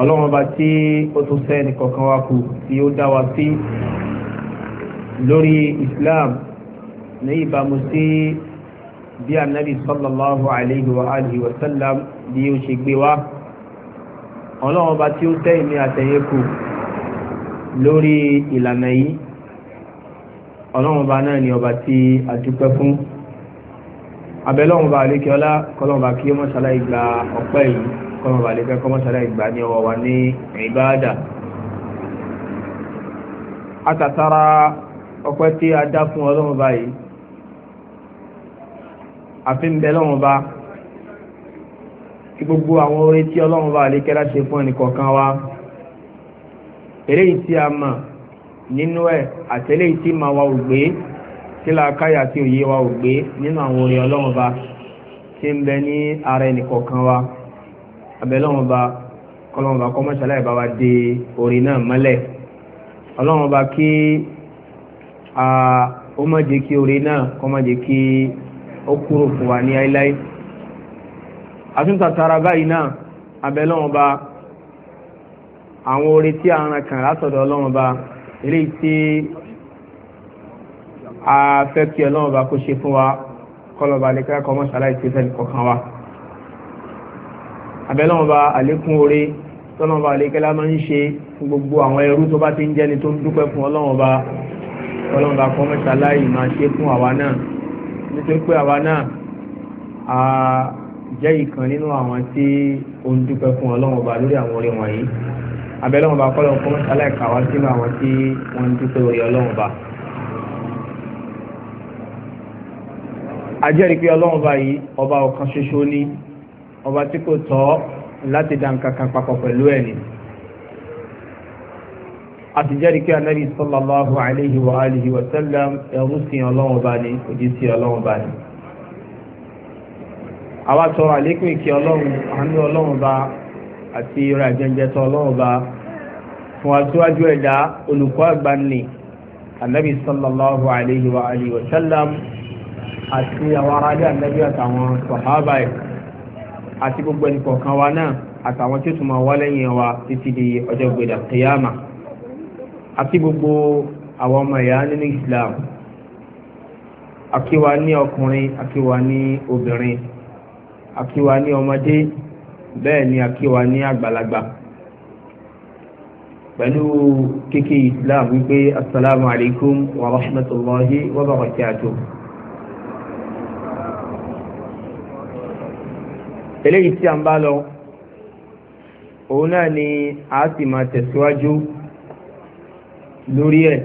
ọlọ́run ọba tí ó tún sẹ́ni kọ̀ọ̀kan wa kù tí ó dá wa sí lórí islam ní ìbámu sí bí anabi sallallahu alayhi wa alihi wa sallam bí ó ṣe gbé wa ọlọ́run ọba tí ó sẹ́yìn ní àtẹ̀yẹ kù lórí ìlànà yìí ọlọ́run ọba náà ni ọba tí a dúpẹ́ fún abẹ́lọ́run ọba àlékè ọlá kọ́lọ́run ọba kí ó mọ̀ gba ọpẹ́ yìí kọ́nà bàálẹ̀ fẹ́ kọ́ mọ́sálà ìgbà ní ọwọ́ wa ní ìbáàdà àtàtàrà ọpẹ́ tí a dá fún ọlọ́run báyìí àfi ń bẹ lọ́run bá kí gbogbo àwọn orí tí ọlọ́run bá lè kẹ́lá ṣe fún ẹnìkọ̀ọ̀kan wa eléyìí tí a mọ̀ nínú ẹ̀ àtẹ́lẹ́yìí tí màá wa ò gbé tí làákàyà tí òye wa ò gbé nínú àwọn orí ọlọ́run bá tí ń bẹ ní ara ẹnìkọ̀ọ̀kan wa abẹ́lọ́wọ́n ba kọ́lọ́wọ́n ba kọ́mọ́ṣálá ẹ̀ bá wa de orin náà mọ́lẹ̀ ọlọ́wọ́n ba kí ó má jẹ́ kí orin náà kọ́ má jẹ́ kí ó kúrò fún wa ní láéláé àtúntà báyìí náà abẹ́lọ́wọ́n ba àwọn orin tí a ràn kàn látọ̀dọ̀ ọlọ́wọ́n ba eléyìí tí a fẹ́ kí ọlọ́wọ́n ba kó ṣe fún wa kọ́lọ́ba lè kẹ́kọ̀ọ́ mọ́ṣálá ìṣẹ́fẹ́ nìkọ̀ọ̀kan wa abẹ́lọ́mọba àlékún oore tọ́lọ́mọba àlékẹ́lá máa ń ṣe gbogbo àwọn ẹrú tó bá ti ń jẹ́ni tó ń dúpẹ́ fún ọlọ́mọba ọlọ́mọba kọ́mẹ́ta láì máa ṣe fún àwa náà nítorí pé àwa náà a jẹ́ ìkan nínú àwọn tí ó ń dúpẹ́ fún ọlọ́mọba lórí àwọn orin wọ̀nyí abẹ́lọ́mọba kọ́lọ́mọ kọ́mẹ́ta láì kà wá sínú àwọn tí wọ́n ń dúpẹ́ orí ọlọ́mọba. ajẹ́rìí pé ọlọ́mọba yìí ọba ọ̀kan ṣoṣo ni ọba tí kò tọ́ láti dá nǹkan kan papọ̀ pẹ̀lú ẹ̀ ni. àti jẹ́rìí kí anabi sallallahu alayhi wa alihi wa sallam ẹ̀rú sí ọlọ́run ọba ni òjì sí ọlọ́run ọba ni. àwa tọrọ àlékún ìkí ọlọ́run àánú ọlọ́run ọba àti ìrọ̀ àjẹjẹtọ̀ ọlọ́run ọba fún aṣíwájú ẹ̀dá olùkọ́ àgbà ni anabi sallallahu alayhi wa alihi wa sallam àti àwọn aráàlú anabi àtàwọn sọ̀hábà yìí àti gbogbo ẹnì kọ̀ọ̀kan wa náà àtàwọn tí ó tún máa wá lẹ́yìn wa títí di ọjọ́ gbèdà kìyàmà àti gbogbo àwọn ọmọ ìyá nínú Islam àkíwa ní ọkùnrin àkíwa ní obìnrin àkíwa ní ọmọdé bẹ́ẹ̀ ni àkíwa ní àgbàlagbà pẹ̀lú kíkí Islam wípé asalaamualeykum wa rahmatulahi wa barakatuh. eléyìí tí a ń bá lọ òun náà ni a sì máa tẹ̀síwájú lórí ẹ̀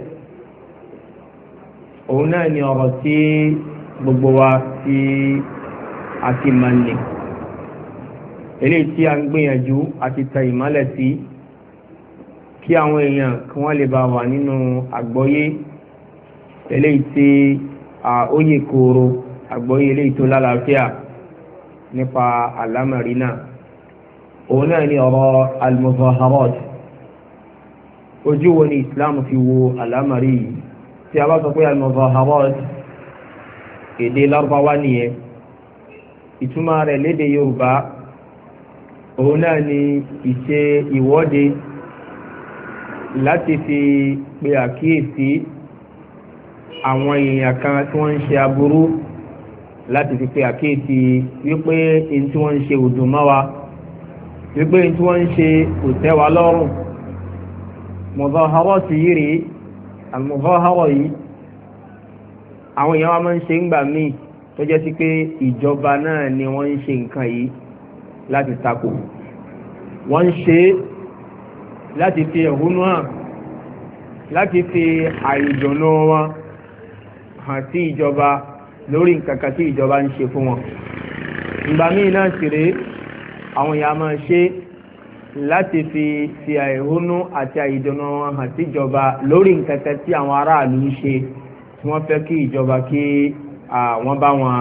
òun náà ni ọ̀rọ̀ tí gbogbo wa ti a ti máa lè eléyìí tí a ń gbìyànjú àti tẹ ìmọ́lẹ̀ sí kí àwọn èèyàn kí wọ́n lè bá wà nínú àgbọ́yé eléyìí tí ó yè kooro àgbọ́yé eléyìí tó lálàáfíà nípa àlámàrí náà òun náà ni ọ̀rọ̀ al-muzaharat ojú wo ni islam fi wo àlámàrí yìí tí a bá sọ pé al-muzaharat èdè lárúbáwá nìyẹn ìtumọ̀ rẹ̀ léde yorùbá òun náà ni ìṣe ìwọ́de láti fi pe àkíyèsí àwọn èèyàn kan tí wọ́n ń ṣe aburú láti fi pe àkéèsí wípé ní tí wọ́n ń ṣe òdùn mọ́ wa wípé ní tí wọ́n ń ṣe kò tẹ́ wa lọ́rùn mọ̀gàhárọ̀ sì yí rèé àmọ̀gàhárọ̀ yìí àwọn èèyàn wa máa ń ṣe ń gbà míì tó jẹ́ sí pé ìjọba náà ni wọ́n ń ṣe nǹkan yìí láti takò wọ́n ń ṣe láti fi ẹ̀hónú hàn láti fi àìdùnnú wọn hàn sí ìjọba lórí nǹkan kan tí ìjọba ń ṣe fún wọn ìgbà míì náà sì rèé àwọn èèyàn máa ṣe láti fi ti àìhónú àti àìdùnnú wọn hàn síjọba lórí nǹkan kan tí àwọn aráàlú ń ṣe tí wọ́n fẹ́ kí ìjọba kí àwọn bá wọn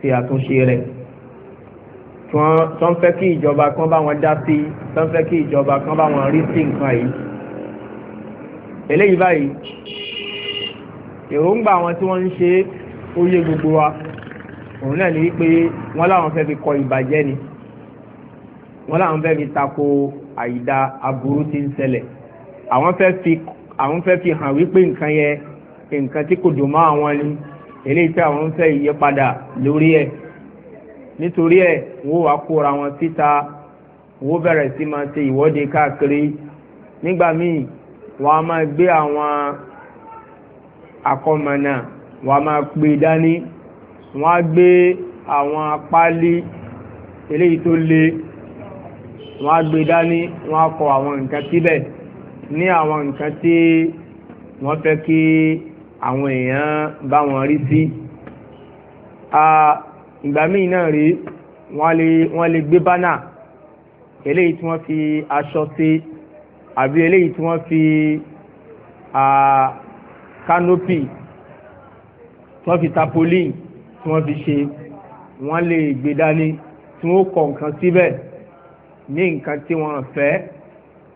ṣe àtúnṣe rẹ̀ tí wọ́n fẹ́ kí ìjọba kan bá wọn dá sí tí wọ́n fẹ́ kí ìjọba kan bá wọn rí sí nǹkan yìí eléyìí báyìí èròǹgbà wọn tí wọ́n ń ṣe é ó yé gbogbo wa òun náà ní pé wọ́n láwọn fẹ́ fi kọ ìbàjẹ́ ni wọ́n láwọn fẹ́ fi tako àìda aburú tí ń ṣẹlẹ̀ àwọn fẹ́ fi àwọn fẹ́ fi hàn wípé nǹkan yẹ nǹkan tí kò dùn mọ́ àwọn ni eléyìí tí àwọn ń fẹ́ ìyípadà lórí ẹ̀ nítorí ẹ̀ wọ́n wá kóra wọn síta wọ́n bẹ̀rẹ̀ sí máa ṣe ìwọ́de káàkiri nígbà míì wọ́n á máa gbé àwọn akọ́mọ náà wọ́n a máa pè dání wọ́n á gbé àwọn apáálí eléyìí tó le wọ́n á gbé dání wọ́n á kọ àwọn nǹkan síbẹ̀ ní àwọn nǹkan tí wọ́n fẹ́ kí àwọn èèyàn bá wọn rí sí. ìgbà míì náà rí wọ́n lè gbé bánà eléyìí tí wọ́n fi aṣọ sí àbí eléyìí tí wọ́n fi kánópì. Uh, tí wọ́n fi tapolin tí wọ́n fi ṣe wọ́n lè gbé dání tí wọ́n kọ nǹkan síbẹ̀ ní nǹkan tí wọ́n fẹ́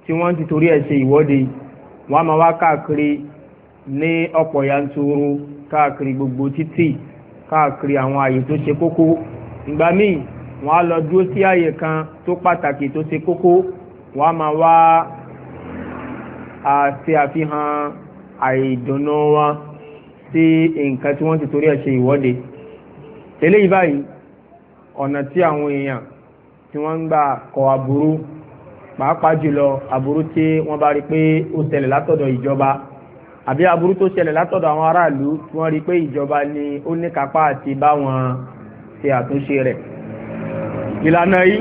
tí wọ́n ti torí ẹ̀ ṣe ìwọ́de wọ́n á máa wá káàkiri ní ọ̀pọ̀ yanturu káàkiri gbogbo títì káàkiri àwọn àyè tó ṣe kókó ìgbà míì wọ́n á lọ dúró sí àyè kan tó pàtàkì tó ṣe kókó wọ́n máa wá ṣe àfihàn àìdùnnú wọn sí nǹkan tí wọ́n ti torí ẹ̀ ṣe ìwọ́de eléyìí báyìí ọ̀nà tí àwọn èèyàn tí wọ́n ń gbà kọ aburú pàápàá jùlọ aburú tí wọ́n bá rí pé ó ṣẹlẹ̀ látọ̀dọ̀ ìjọba àbí aburú tó ṣẹlẹ̀ látọ̀dọ̀ àwọn aráàlú tí wọ́n rí pé ìjọba ni ó ní kápá àti bá wọn ṣe àtúnṣe rẹ̀ ìlànà yìí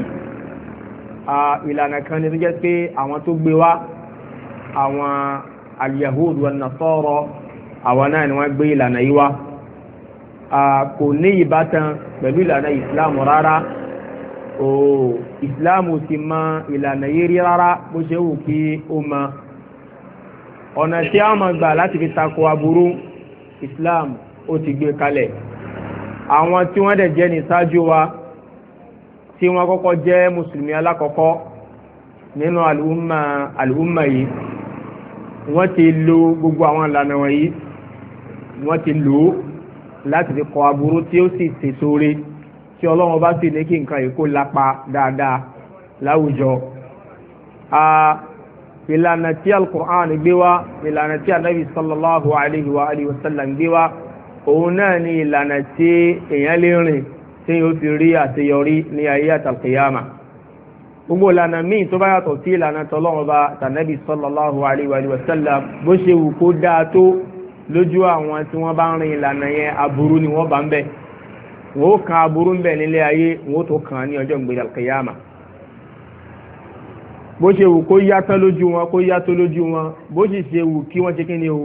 ìlànà kan ni tó jẹ́ pé àwọn tó gbé wá àwọn al-Yahud wan àwọn náà ni wọ́n gbé ìlànà yìí wá kò ní ìbátan pẹ̀lú ìlànà ìsìláàmù rárá o ìsìláàmù ti mọ ìlànà yìí rí rárá bó ṣe wù kí ó mọ ọ̀nà tí a máa gbà láti fi tako aburú islam ó ti gbé kalẹ̀ àwọn tí wọ́n dẹ̀ jẹ́ ní ṣáájú wa tí wọ́n kọ́kọ́ jẹ́ mùsùlùmí alákọ̀ọ́kọ́ nínú àlùmọ̀ àlùmọ̀ yìí wọ́n ti lo gbogbo àwọn ìlànà wọ̀nyí ni wọ́n ti lò ó láti fi kọ aburú tí ó sì tèso re tí ọlọ́run bá sì ní kí nǹkan yìí kó lapa dáadáa láwùjọ. ìlànà tí alukur'an gbé wá ìlànà tí anabi sallallahu alayhi wa alayhi wa sallam gbé wá òun náà ni ìlànà tí èèyàn lè rìn tí yóò fi rí àṣeyọrí ní ayé àtàkìyàmà gbogbo ìlànà míì tó bá yàtọ̀ sí ìlànà tọlọ́run bá tànàbí sallallahu alayhi wa sallam bó ṣe wù kó dáa tó lójú àwọn tí wọ́n bá ń rin ìlànà yẹn aburú ni wọ́n bá ń bẹ̀ wọ́n ó kan aburú ń bẹ̀ nílé ayé wọ́n ó tó kàn án ní ọjọ́ ìgbéyàwó kẹyàmà bó ṣe wù kó yàtọ̀ lójú wọn kó yàtọ̀ lójú wọn bó sì ṣe wù kí wọ́n ṣe kí ni o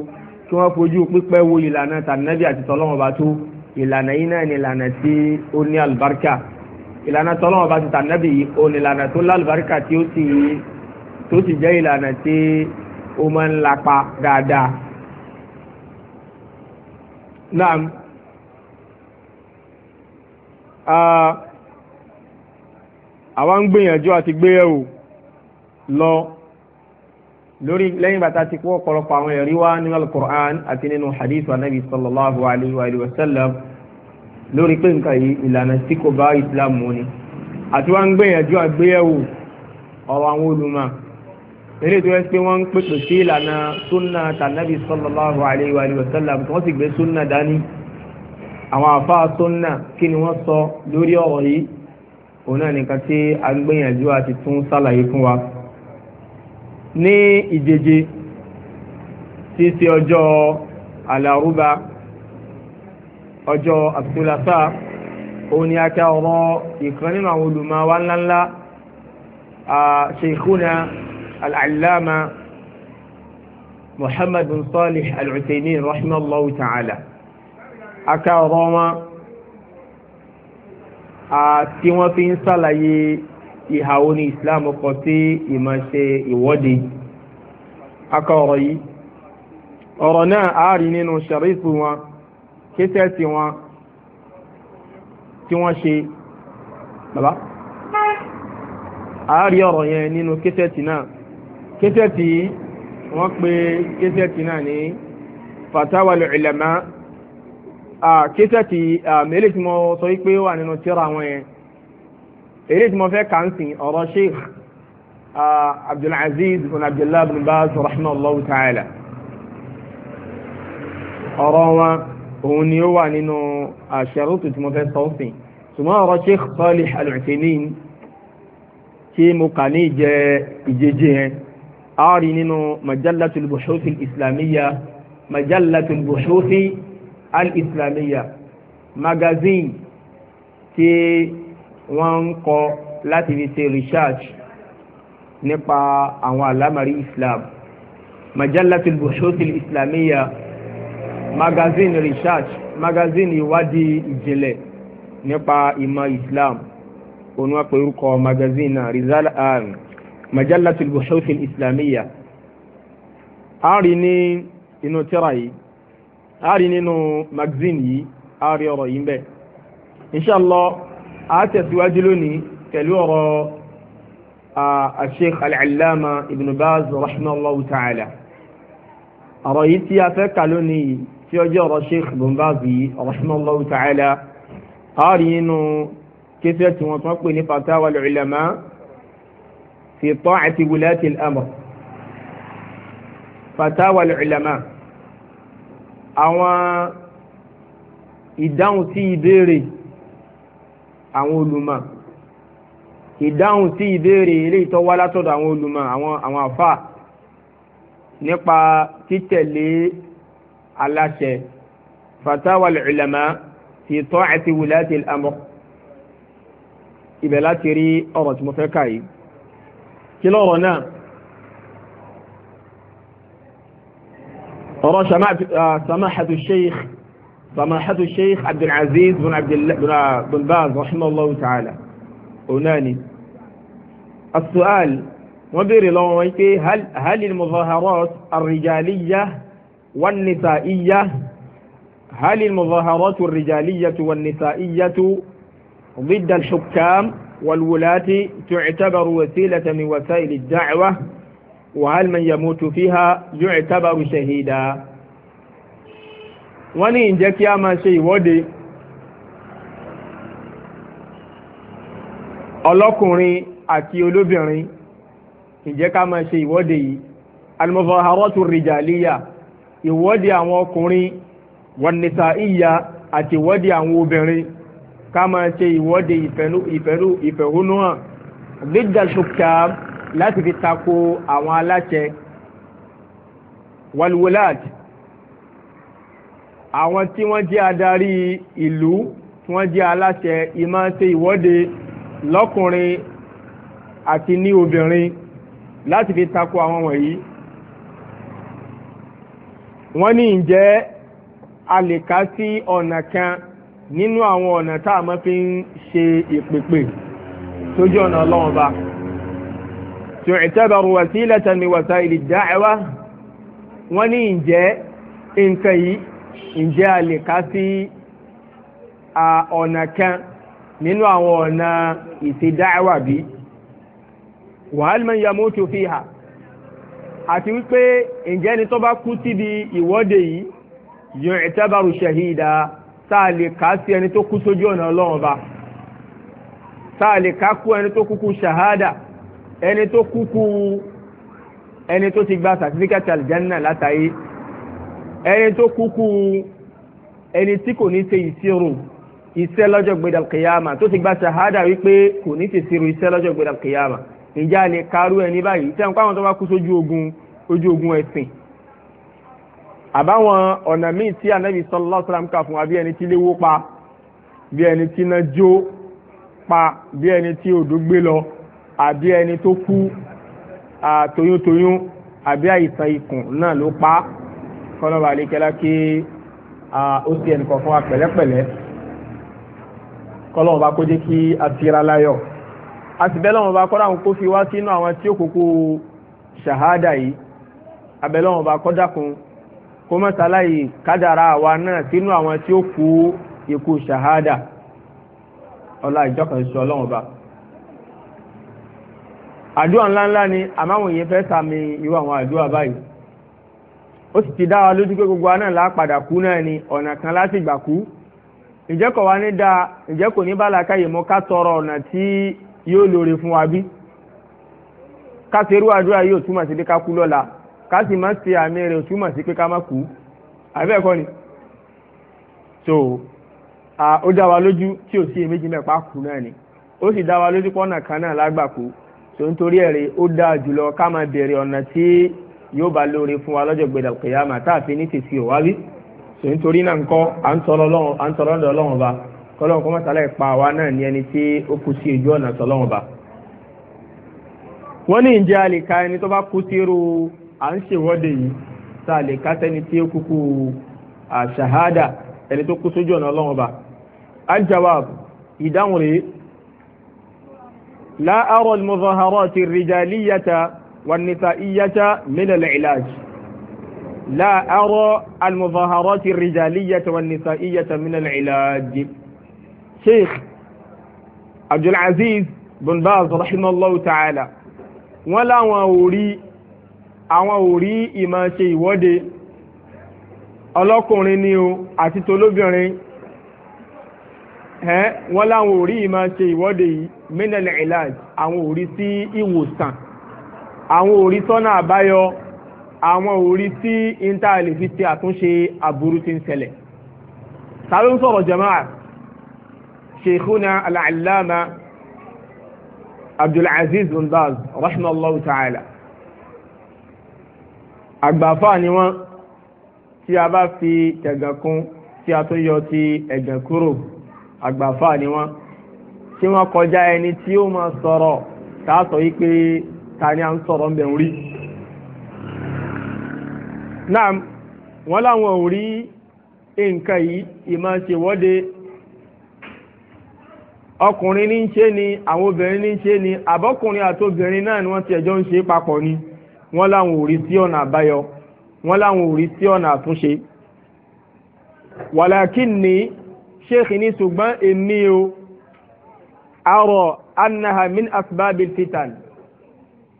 kí wọ́n fojú pípẹ́ wo ìlànà tànàbí àti tọ́lọ́mọba tó ìlànà yìí náà ni ìlànà tí ó ní àlùbáríkà ìlànà tọ́lọ́mọba ti tànàbí yìí ó ní ìlànà tó lálùbáríkà tí ó sì tó ìlànà tí ó máa ń lapa dáadáa naam àwa ń gbìyànjú àti gbé lo lori lórí lẹ́yìn bàtà ti kó ọ̀pọ̀lọpọ̀ àwọn ẹ̀rí wá nínú alukur'an àti nínú hadith anabi sallallahu alayhi wa sallam lórí pé nǹkan yìí ìlànà tí kò bá islam mu ni àti wá ń gbìyànjú àgbéyẹ̀wò ọ̀rọ̀ eré tó yẹ pé wọ́n ń pèpè sí ìlànà sunna tànàbí sallallahu alayhi wa sallam tí wọ́n sì gbé sunna dání àwọn àfáà sunna kí ni wọ́n sọ lórí ọ̀rọ̀ yìí òun náà nìkan tí a ń gbìyànjú àti tún ṣàlàyé fún wa ní ìjeje tí ọjọ́ àlàrúbá ọjọ́ àtúlásá òun ni a ká ọ̀rọ̀ ìkan nínú àwọn olùmọ̀ wa ńláńlá Sheikhuna al-allama muhammad bin salih al-utaymin rahimahullahu ta'ala aka ọ̀rọ̀ wọn tí wọ́n fi ń ṣàlàyé ìhà wo ni islam kọ sí ìmọ̀ ṣe ìwọ́de aka ọ̀rọ̀ yìí ọ̀rọ̀ náà a rí nínú ṣàrífù wọn kéṣẹ́ẹ̀tì wọn tí wọ́n ṣe bàbá a rí ọ̀rọ̀ yẹn nínú kéṣẹ́ẹ̀tì náà késẹ́tì wọ́n pe késẹ́tì náà ní fatawa al-ulama késẹ́tì mẹ́lẹ̀ tí mo sọ pé wà nínú tíra wọn yẹn èyí tí mo fẹ́ kà ń sìn ọ̀rọ̀ sheikh abdulaziz bin abdullah bin baz rahmanallahu ta'ala ọ̀rọ̀ wọn òun ni ó wà nínú àṣẹrùtù tí mo fẹ́ sọ ọ̀rọ̀ sheikh salih al tí mo kà ní ìjẹ́ ìjẹ́jẹ́ yẹn ari nínú majalatul buhufi islamiyya majalatul buhufi al-islamiyya magazine tí wọ́n ń kọ láti fi ṣe research nípa àwọn àlámàrí islam majalatul buhufi islamiyya magazine research magazine ìwádìí ìjìnlẹ̀ nípa ìmọ̀ islam òun pe orúkọ magazine náà rizal majalatul buhuthi islamiyya a rí ní inú tíra yìí a rí nínú magazine yìí a rí ọ̀rọ̀ yìí ń bẹ inshallah a tẹ̀síwájú lónìí pẹ̀lú ọ̀rọ̀ الشيخ العلامة ابن باز رحمه الله تعالى رأيتي أفكالوني في أجر الشيخ ابن باز رحمه الله تعالى قارين كثيرة وطنقني فتاوى العلماء في طاعة ولاة الأمر فتاوى العلماء àwọn ìdáhùn sí ìbéèrè àwọn olùmọ̀ ìdáhùn sí ìbéèrè ilé ìtọ́wá látọ̀dọ̀ àwọn olùmọ̀ àwọn àwọn àfà nípa títẹ̀lé aláṣẹ fatawa al-ulama fi ta'ati wulati al-amr ibẹ̀ láti rí ọ̀rọ̀ tí mo fẹ́ kà yìí. كيلو رنا راشا سماحة الشيخ سماحة الشيخ عبد العزيز بن عبد بن بن باز رحمه الله تعالى وناني السؤال مبيري لو ويكي هل هل المظاهرات الرجالية والنسائية هل المظاهرات الرجالية والنسائية ضد الحكام والولاة تعتبر وسيلة من وسائل الدعوة وهل من يموت فيها يعتبر شهيدا وني ní ìjẹ́ kí a máa ṣe ìwọ́de ọlọ́kùnrin àti olóbìnrin ìjẹ́ ká máa ṣe ìwọ́de yìí al-muzaharatu rijaliya ìwọ́de àwọn ọkùnrin wan nisaiya àti ìwọ́de àwọn obìnrin ká máa ṣe ìwọ́de ìfẹ̀hónúhàn dídàṣùkà láti fi tako àwọn aláṣẹ walwulad àwọn tí wọ́n jẹ́ adarí ìlú tí wọ́n jẹ́ aláṣẹ ìmá ṣe ìwọ́de lọ́kùnrin àti ní obìnrin láti fi tako àwọn wọ̀nyí wọ́n ní ǹjẹ́ a lè kà sí ọ̀nà kan nínú àwọn ọ̀nà tá a máa fi ń ṣe ìpèpè sójú ọ̀nà ọlọ́run ba tu'tabaru wasilatan min wasaili da'wa wọ́n ní ǹjẹ́ nǹkan yìí ǹjẹ́ a lè kà sí ọ̀nà kan nínú àwọn ọ̀nà ìṣe da'wa bí wa hal man yamutu fiha àti wípé ǹjẹ́ ni tó bá kú síbi ìwọ́de yìí yu'tabaru shahida tá a lè kà á sí ẹni tó kú sójú ọ̀nà ọlọ́run ba tá a lè kà á kú ẹni tó kú kú ṣahada ẹni tó kú kú ẹni tó ti gba sàtífíkẹ́tì àlìjánná látàyé ẹni tó kú kú ẹni tí kò ní ṣe ìṣirò iṣẹ́ lọ́jọ́ gbẹdà kìyàmà tó ti gba ṣahada wípé kò ní ṣe ìṣirò iṣẹ́ lọ́jọ́ gbẹdà kìyàmà ìjà lè karú ẹni báyìí tẹ̀ ń pa àwọn tó bá kú sójú ogun ogun ẹ̀sìn àbáwọn ọ̀nà míì tí anabi sallallahu alaihi wasallam kà fún wa bí ẹni tí ilé wó pa bí ẹni tí iná jó pa bí ẹni tí odò gbé lọ àbí ẹni tó kú toyúntoyún àbí àìsàn ikùn náà ló pa kọ́nọ́bà àlékẹ́lá kí ó sì ẹnì kan fún wa pẹ̀lẹ́pẹ̀lẹ́ kọ́lọ́wọ́n bá kó jẹ́ kí a tira láyọ̀ a sì bẹ́ lọ́wọ́n bá kọ́ra àwọn kó fi wá sínú àwọn tí ó kókó ṣàhádà yìí abẹ́ lọ́wọ́n bá kọ́ kó má ṣàlàyé kádàrá àwa náà sínú àwọn tí ó kú ikú ṣahada ọlá ìjọkànṣe ọlọ́run ọba àdúrà ńláńlá ni àmáwọn èèyàn fẹ́ sàmì irú àwọn àdúrà báyìí ó sì ti dá wa lójú pé gbogbo wa náà lápadà kú náà ni ọ̀nà kan láti gbà kú ǹjẹ́ kò wá ní dáa ǹjẹ́ kò ní bàlá káyè mọ́ ká tọrọ ọ̀nà tí yóò lóore fún wa bí ká ṣerú àdúrà yóò túmọ̀ sí pé ká kú lọ́la ká sì ma ṣe àmì rẹ̀ túmọ̀ sí pé ká má kú àbẹ́ẹ̀kọ́ ni so ó dá wa lójú tí ò sí èméjì mẹ́pa kú náà ni ó sì dá wa lójú pọ́nà kan náà lágbàkú so nítorí ẹ̀rẹ̀ ó dáa jùlọ ká máa bèrè ọ̀nà tí yóò bá lóore fún wa lọ́jọ́ gbẹdà tá a fi ní tèsí ò wá rí so nítorí náà nǹkan à ń tọrọ ọ̀dọ̀ ọlọ́run ọba kọ́lọ́run kọ́ mọ́tàlá ìpa àwa wọ́n ní ìjẹ́ ẹni tó bá kú à ń ṣèwọ́de yìí tá a lè ká sẹ́ni tí ó kúkú àṣàhádà ẹni tó kú sójú ọ̀nà ọlọ́run ọba aljawab ìdáhùn rèé la ara al-muzaharat ar-rijaliyata wan-nisaiyata min al-ilaj la ara al-muzaharat ar-rijaliyata wan-nisaiyata min sheikh abdulaziz bin baz rahimahullah ta'ala wọn láwọn ò rí àwọn ò rí ìmọ̀ ṣe ìwọ́de ọlọ́kùnrin ni o àti tolóbìnrin ẹ̀ wọ́n láwọn ò rí ìmọ̀ ṣe ìwọ́de yìí mínẹ́lẹ̀ ìlàj àwọn ò rí sí ìwòsàn àwọn ò rí sọ́nà àbáyọ àwọn ò rí sí intanet fi ṣe àtúnṣe aburú tí ń ṣẹlẹ̀ ta ń sọ̀rọ̀ jama'a sheikhuna al abdulaziz bin rahmanallahu ta'ala. àgbàfà ni wọ́n tí a bá fi tẹ̀gàn kún tí a tó yọ ti ẹ̀gàn kúrò àgbàfà ni wọn tí wọ́n kọjá ẹni tí ó máa sọ̀rọ̀ tá a sọ yìí pé ta ni a ń sọ̀rọ̀ ń bẹ̀ ń rí. náà wọ́n láwọn ò rí nǹkan yìí ìmọ̀ ṣèwọ́de ọkùnrin ní ń ṣe ni àwọn obìnrin ní ń ṣe ni àbọ̀kùnrin àti obìnrin náà ni wọ́n ti ẹ̀jọ́ ń ṣe papọ̀ ni. wọ́n láwọn ò rí sí ọ̀nà àbáyọ wọ́n láwọn ò rí sí ọ̀nà àtúnṣe wàlákìn ní sheikh ní ṣùgbọ́n èmi o arọ annaha min fitan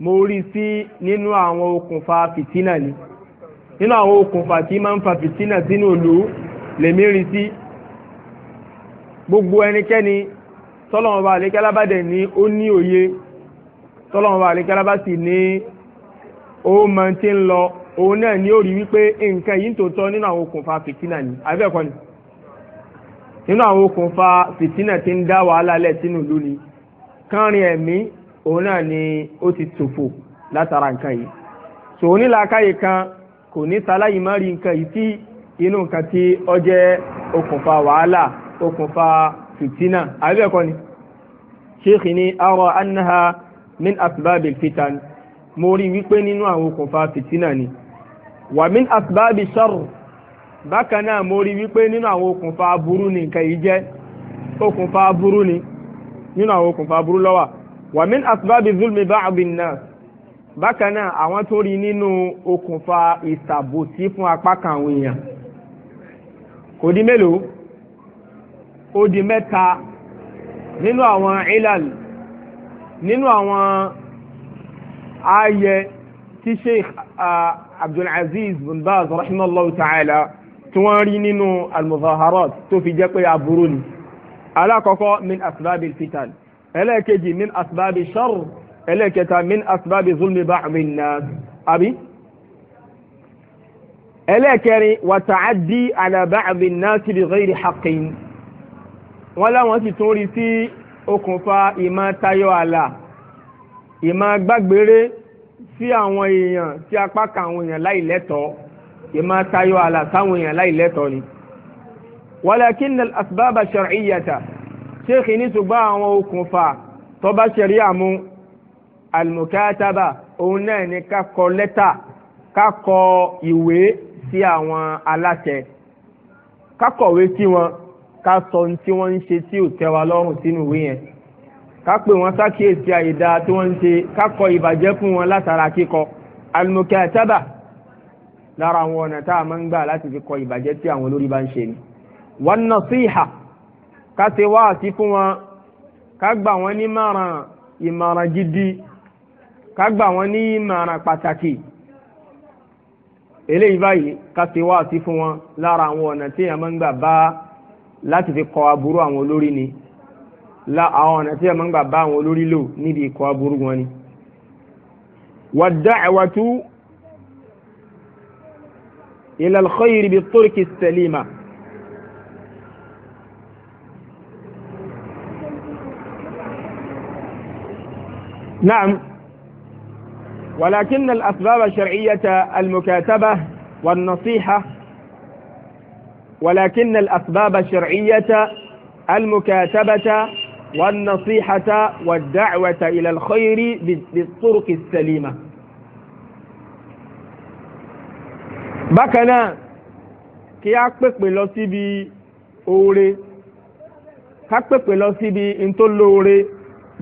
mo rí sí nínú àwọn okùnfà fìtínà ni nínú àwọn okùnfà tí máa ń fa fìtínà sínú ìlú lèmi rí sí gbogbo ẹnikẹ́ni tọ́lọ́mọba àlékẹ́lá bá dẹ̀ ní ó ní òye tọ́lọ́mọba àlékẹ́lá bá sì ní ó máa ti ń lọ òun náà ni ó rí wípé nǹkan yìí ń tòótọ́ nínú àwọn okùnfà fìtínà ni àbẹ́ẹ̀kọ́ ni nínú àwọn okùnfà fìtínà ti ń dá wàhálà lẹ̀ sínú ìlú ni kánrin ẹ̀mí òun náà ni ó ti tòfò látara nǹkan yìí sòwò nílàákàyè kan kò ní sáláyìí má rí nǹkan yìí tí inú nǹkan tí ó jẹ́ okùnfà wàhálà okùnfà fìtínà àbẹ́ẹ̀kọ́ ni ṣéèkì ni arọ annaha min asbabil fitan mo rí wípé nínú àwọn okùnfà fìtínà ni wàmín asbábi sọ́rù bákan náà mo rí wípé nínú àwọn okùnfà aburú ni nǹkan yìí jẹ́ okùnfà aburú ni nínú àwọn okùnfà aburú lọ́wà wàmín asbábi zulmi ba'din nas bákan náà àwọn tó rí nínú okùnfà ìsàbòsí fún apá kan àwọn èèyàn kò di mélòó ó di mẹ́ta nínú àwọn ilal nínú àwọn ààyè tí sheikh abdulaziz bin baz rahimahullah ta'ala tí wọ́n rí nínú almuzaharat tó fi jẹ́ pé aburú ni alákọ̀ọ́kọ́ min asbabi fitan ẹlẹ́ẹ̀kejì min asbabi shar ẹlẹ́ẹ̀kẹta min asbabi zulmi ba'min nas àbí ẹlẹ́ẹ̀kẹrin wa ta'addi ala ba'min nas bi ghairi haqqin wọ́n láwọn sì tún rí sí okùnfà ìmọ̀ tayọ̀ àlà ìmọ̀ gbàgbére sí àwọn èèyàn tí apá kan àwọn èèyàn láì lẹ́tọ̀ọ́ ìmọ̀ tayọ ààlà sáwọn èèyàn láì lẹ́tọ̀ọ́ ni. walakin al-asbab ash-shar'iyyata sheikh ní ṣùgbọ́n àwọn okùnfà tó bá ṣẹ̀ríà mu al-mukataba òun náà ni ká kọ lẹ́tà ká ìwé sí àwọn aláṣẹ ká sí wọn ká sọ ohun tí wọ́n ń ṣe tí ò tẹ́ lọ́rùn sínú ìwé yẹn ká pè wọ́n sákìyèsí àyèdá tí wọ́n ń ṣe ká kọ ìbàjẹ́ fún wọn látara kíkọ al-mukatabah lára àwọn ọ̀nà tá a máa ń gbà láti fi kọ ìbàjẹ́ tí àwọn olórí bá ń ṣe ni wan nasiha ká ṣe wáàsí fún wọn ká gbà wọ́n ní ìmọ̀ràn ìmọ̀ràn gidi ká gbà wọ́n ní ìmọ̀ràn pàtàkì eléyìí báyìí ká ṣe wáàsí fún wọn lára àwọn ọ̀nà tí a máa ń gbà bá láti fi kọ aburú àwọn olórí ni la àwọn ọ̀nà tí ẹ máa ń gbà bá àwọn olórí lò níbi ikọ̀ aburú wọn ni. wad-da'watu ila al-khayri bit-turki as-salima. نعم ولكن الأسباب الشرعية المكاتبة والنصيحة ولكن الأسباب الشرعية المكاتبة والنصيحة والدعوة إلى الخير بالطرق السليمة بكنا kí a pèpè lọ síbi oore ká pèpè lọ síbi ntòlóore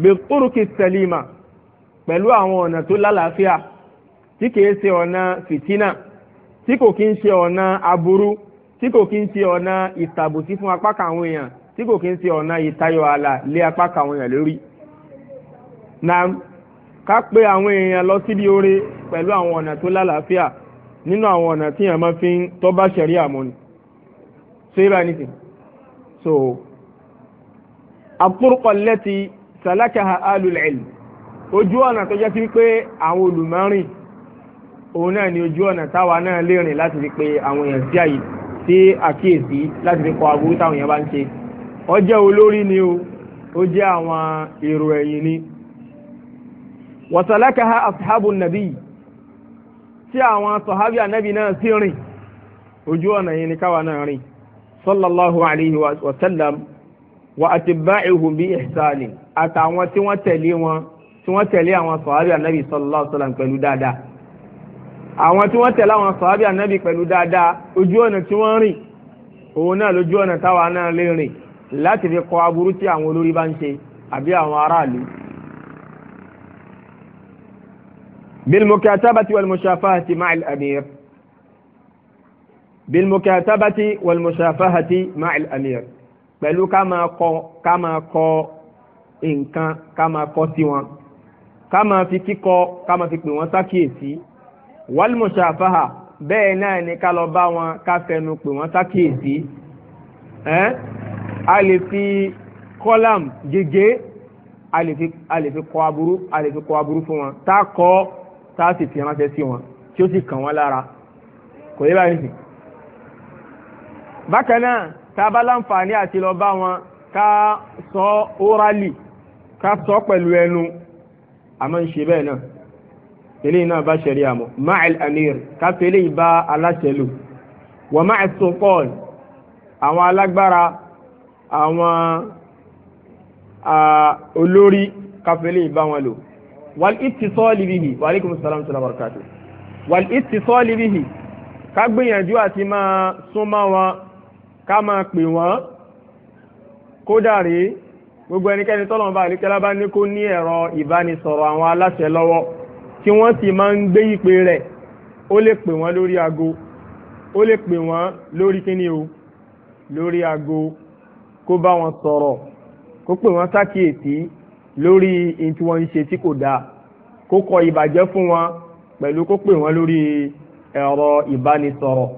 bẹ̀kúrúkì sẹ̀lìmà pẹ̀lú àwọn ọ̀nà tó lálàáfíà tí kìí ṣe ọ̀nà fìtínà tí kò kí ń ṣe ọ̀nà aburú tí kò kí ń ṣe ọ̀nà ìtàbùsí fún apá kan àwọn èèyàn tí kò kí ń ṣe ọ̀nà ìtayọ̀ ààlà lé apá kan àwọn èèyàn lórí na ká pé àwọn èèyàn lọ síbi oore pẹ̀lú àwọn ọ̀nà tó lálàáfíà nínú àwọn ọ̀nà tí èèyàn máa fi ń tọ́ba ṣẹ̀rí àmọ́ni so yíba ní sìn so àpòrúkọ lẹ́tì sàlákàá alùlẹ̀lì ojú ọ̀nà tó jẹ́ sí wípé àwọn olùmọ́rin òun náà ni ojú ọ̀nà táwa náà lè rìn láti fi pe àwọn èèyàn sí àyè sí àkíyèsí láti fi kọ aburú táwọn èèyàn bá ń ṣe ó jẹ́ olórí ni o ó jẹ́ àwọn èrò ẹ̀yìn ni wasalakaha ashabu nabi tí àwọn sọ̀hábì ànábì náà sì rìn ojú ọ̀nà yìí ni káwa náà rìn sallallahu alayhi wa sallam wa atiba'ihum bi ihsanin àtàwọn tí wọ́n tẹ̀lé wọn tí wọ́n tẹ̀lé àwọn sọ̀hábì ànábì sallallahu alayhi wa sallam pẹ̀lú dáadáa àwọn tí wọ́n tẹ̀lé àwọn sọ̀hábì ànábì pẹ̀lú dáadáa ojú ọ̀nà tí wọ́n rìn òun náà lójú ọ̀nà táwa náà lè rìn láti fi kọ aburú tí àwọn olórí bá ń ṣe àbí àwọn aráàlú. بالمكاتبة والمشافهة مع الأمير بالمكاتبة والمشافهة مع الأمير pẹ̀lú ká máa kọ ká máa kọ nǹkan ká máa kọ sí wọn ká máa fi kíkọ ká máa fi pè wọ́n sákìyèsí wàlmùsàfáhà bẹ́ẹ̀ náà ni ká lọ bá wọn ká fẹnu pè wọ́n sákìyèsí a lè fi kọ́làm gègé a lè fi a lè fi kọ aburú a lè fi kọ aburú fún wọn tá a kọ tá a sì fi ránṣẹ́ sí wọn tí ó sì kàn wọ́n lára kò yé báyìí sí. bákan náà tá a bá láǹfààní àti lọ bá wọn ká sọ órálì ká sọ pẹ̀lú ẹnu àmọ́ ń ṣe bẹ́ẹ̀ náà eléyìí náà bá ṣẹ̀rí àmọ́ ma'al amir ká fi eléyìí bá aláṣẹ lò wọ́n ma'al sultan àwọn alágbára àwọn olórí káfílẹ̀ ìbá wọn lò wal ittisal bihi wa alaikum salam wa barakatuh wal ittisal bihi ká gbìyànjú àti máa súnmọ́ wọn ká máa pè wọ́n kódà rèé gbogbo ẹnikẹ́ni tọ́lọ́mù bá àlékẹ́lá bá ní kó ní ẹ̀rọ ìbánisọ̀rọ̀ àwọn aláṣẹ lọ́wọ́ tí wọ́n ti máa ń gbé ìpè rẹ̀ ó lè pè wọ́n lórí aago ó lè pè wọ́n lórí kíní o lórí aago kó bá wọn sọ̀rọ̀ kó pè wọ́n sákìyèsí lórí ihun tí wọ́n ń ṣe tí kò dáa kó kọ ìbàjẹ́ fún wọn pẹ̀lú kó pè wọ́n lórí ẹ̀rọ ìbánisọ̀rọ̀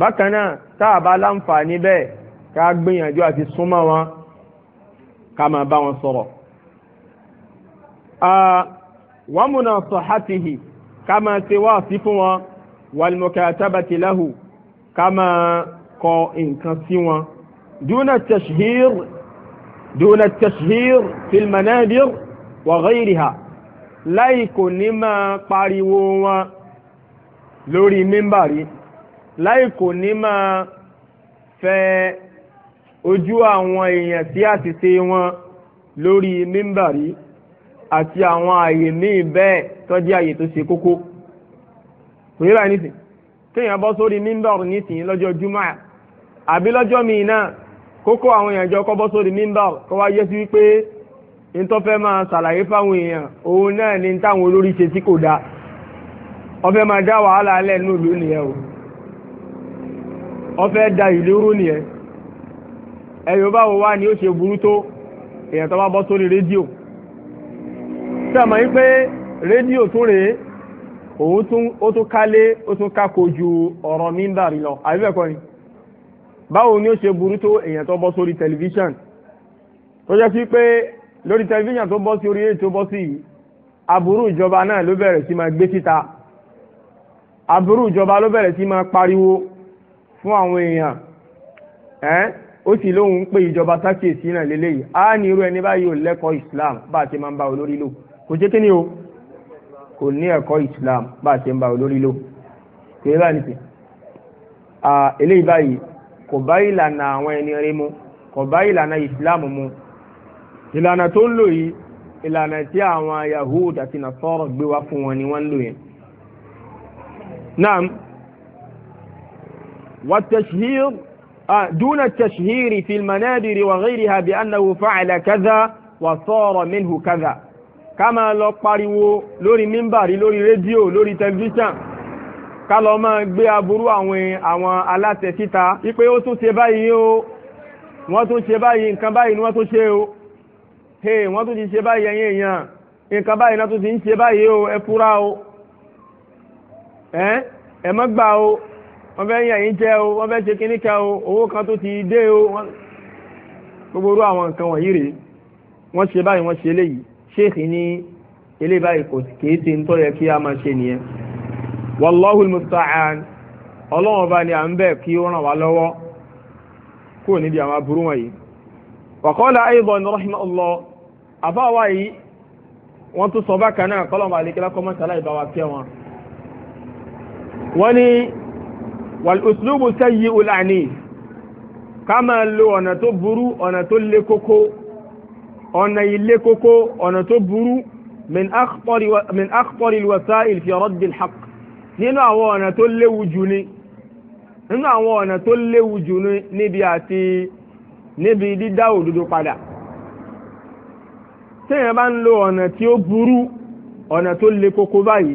bákan náà tá a bá láǹfààní bẹ́ẹ̀ ká gbìyànjú àti súnmọ́ wọn ká máa bá wọn sọ̀rọ̀ wọ́n múná sọ̀hátìhì ká máa ṣe wáàsí fún wọn wàlmùkà tábàtì láhù ká máa kọ nǹkan sí wọn. دون التشهير دون التشهير في المنابر وغيرها لا يكون ní máa pariwo wọn لا يكون láì في ní máa fẹ ojú àwọn èèyàn sí àṣìṣe wọn lórí mímbàrí àti àwọn àyè míì bẹ́ẹ̀ tọ́jú àyè tó ṣe kókó kò yẹ báyìí nísìnyí kéèyàn bọ́ sórí mímbàrí nísìnyí lọ́jọ́ júmọ́ àbí lọ́jọ́ míì náà kókó àwọn èèyàn jọ kọ́ bọ́ sórí mímbà kó wá yẹ sí wípé nítorí fẹ́ máa ṣàlàyé fáwọn èèyàn òun náà ni táwọn olórí ṣe tí kò dáa ọfẹ́ máa dá wàhálà alẹ́ nìyẹn o ọfẹ́ da ìlú rú nìyẹn ẹ̀yọ́ báwo wá ni ó ṣe burú tó èèyàn tó bá bọ́ sórí rédíò sẹ́mọ̀ yín pé rédíò tún rèé òun tún ó tún kálé ó ọ̀rọ̀ mímbà rí lọ báwo ni ó ṣe burú tó èèyàn tó bọ́ sórí tẹlifíṣàn tó jẹ́ sí pé lórí tẹlifíṣàn tó bọ́ sí orí èyí tó bọ́ sí yìí aburú ìjọba náà ló bẹ̀rẹ̀ sí máa gbé síta aburú ìjọba ló bẹ̀rẹ̀ sí máa pariwo fún àwọn èèyàn ẹ́ ó sì lóun pé ìjọba sákèsí náà lélẹ́yìí á ní irú ẹni báyìí ò lẹ́kọ̀ọ́ Islam bá a ti máa ń bá olórí lò kò jẹ́ kíni o kò ní ẹ̀kọ́ Islam bá a ti ń bá olórí lò kò yẹ báyìí nìkan eléyìí báyìí kò bá ìlànà àwọn ẹni rí mu kò bá ìlànà ìsìláàmù mu ìlànà tó ń lò yìí ìlànà tí àwọn Yahud àti Nasara gbé wá fún wọn ni wọ́n ń lò yẹn. naam والتشهير دون التشهير في المنابر وغيرها بأنه فعل كذا وصار منه كذا ká máa lọ pariwo lórí mímbàrí lórí rédíò lórí tẹlifíṣàn ká lọ máa gbé aburú àwọn àwọn aláṣẹ síta wípé ó tún ṣe báyìí o wọ́n tún ṣe báyìí nǹkan báyìí ni wọ́n tún ṣe o hey wọ́n tún ti ṣe báyìí ẹ̀yin èèyàn nǹkan báyìí náà tún ti ń ṣe báyìí o ẹ fura o ẹ ẹ má gbà o wọ́n fẹ́ yàn yín jẹ o wọ́n fẹ́ ṣe kíní kan o owó kan tó ti dé o gbogbo irú àwọn nǹkan wọ̀nyí rèé wọ́n ṣe báyìí wọ́n ṣe eléyìí ṣéèkì ní eléyìí báyìí kò kéé ṣe ń tọ́ yẹ kí a máa ṣe nìyẹn wàlláhùn mùsàán ọlọ́wọ́n bá ní à ń bẹ̀ kí ó ràn wá lọ́wọ́ kó níbi àwọn aburú wọ̀nyí. wàkọ́lá aydan rahimahullah àbáwá yìí wọ́n tún sọ bákan náà kọ́lọ́mù àlekèlá kọ́mọ́tàlá ìbáwá kẹ́ wọn. wọ́n ní wàlúùsùlùmù sẹ́yìí ulani ká máa lo ọ̀nà tó burú ọ̀nà tó lé kókó ọ̀nà ilé kókó ọ̀nà tó burú min akpọ̀rì wasail fi raddi alhaq nínú àwọn ọ̀nà tó léwu jù ni nínú àwọn ọ̀nà tó léwu jù ni níbi àti níbi dídá òdodo padà téèyàn bá ń lo ọ̀nà tí ó burú ọ̀nà tó le koko báyìí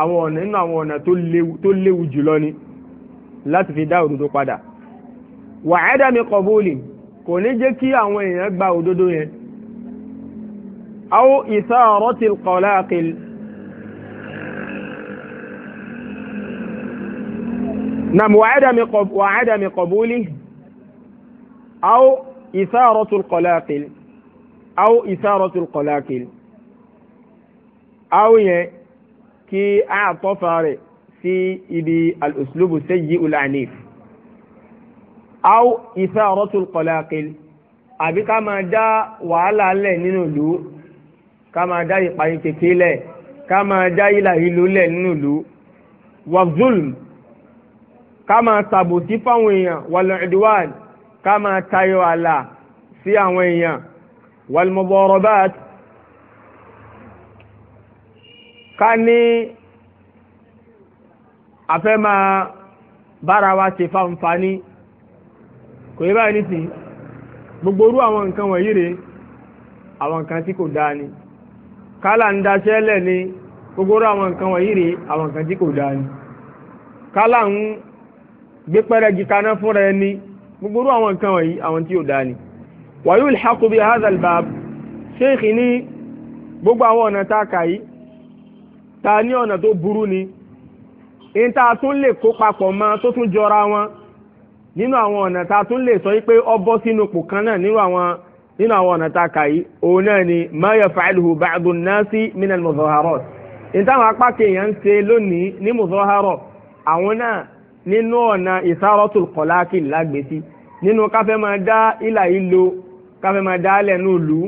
àwọn ọ̀nà nínú àwọn ọ̀nà tó léwu jùlọ ni láti fi dá òdodo padà wàhádà mi kọ̀bólì kò ní jẹ́ kí àwọn èèyàn gba òdodo yẹn. àwọn ìsáàrọ̀ ti kọ̀ láàkìlì. نعم وعدم قب... وعدم قبوله أو إثارة القلاقل أو إثارة القلاقل أو كي أعطفر في إبي الأسلوب السيء العنيف أو إثارة القلاقل àbí ká máa dá wàhálà lẹ̀ nínú ìlú ká máa dá ìpàyín kékeré lẹ̀ ká Kama máa ṣàbòsí fáwọn èèyàn wal-udwan ká máa tayọ àlà sí àwọn èèyàn wal-mudarabat ká ní afẹ́ máa bára wa ṣe fáǹfààní kò yẹ báyìí nísìnyí gbogbo orú àwọn nǹkan wọ̀nyí rèé àwọn nǹkan tí kò dáa ni kálà ń daṣẹ́ lẹ̀ ni gbogbo orú àwọn nǹkan wọ̀nyí rèé àwọn nǹkan tí kò dáa ni kálà ń gbé pẹ́rẹ́gì kaná fúnra ẹni gbogbo orú àwọn nǹkan wọ̀nyí àwọn tí ò dáa ni. wàyí ìlhàkù bíi hazal bab sheikh ní gbogbo àwọn ọ̀nà tá a kà yìí tá a ní ọ̀nà tó burú ni ní tá tún lè kó papọ̀ mọ́ tó tún jọra wọn nínú àwọn ọ̀nà tá tún lè sọ pé ọ bọ́ sínú pò kan náà nínú àwọn nínú àwọn ọ̀nà tá a kà yìí òun náà ni ma yaf'aluhu ba'du an-nasi min ní táwọn apá kèèyàn ń ṣe lónìí ní muzaharat àwọn náà nínú ọ̀nà ìsáratul kọ̀láàkì lágbèsí nínú káfẹ́ máa dá ìlà ìlò káfẹ́ máa dá lẹ̀ nù lù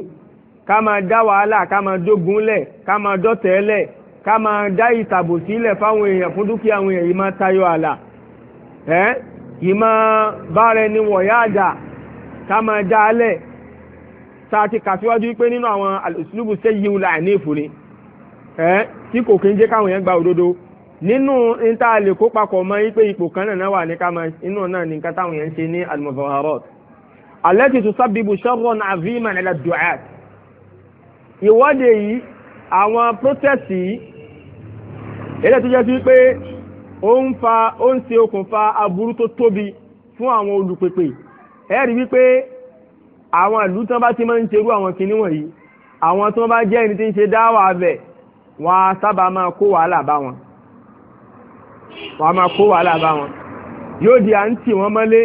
ká máa dá wàhálà ká máa dógun lẹ̀ ká máa dọ́tẹ̀ lẹ̀ ká máa dá ìtàbò sílẹ̀ fáwọn èèyàn fún dúkìá àwọn èèyàn yìí máa tayọ àlà ẹ́ yìí máa bára ẹni wọ̀yá àdà ká máa dá lẹ̀ tá a ti kà síwájú pé nínú àwọn al-uslubu sayyi'ul anif ni ẹ́ tí kò kí ń jẹ́ káwọn èèyàn gba òdodo nínú níta lè kó papọ̀ mọ́ yín pé ipò kan náà wà ní kámẹ́ inú náà ní nǹkan táwọn yẹn ń ṣe ní almuzaharat allati tusabbibu sharran aziman ala du'at ìwọ́de yìí àwọn protest yìí èdè tó jẹ́ sí pé ó ń fa ó ń ṣe okùnfà aburú tó tóbi fún àwọn olùpèpè ẹ rí wípé àwọn ìlú tí wọ́n bá ti máa ń ṣerú àwọn kinní wọ̀nyí àwọn tí wọ́n bá jẹ́ ẹni tí ń ṣe dáwà abẹ wọn á sábà máa kó wàhálà bá wọn wọ́n á máa kó wàhálà bá wọn yóò di à ń tì wọ́n mọ́lé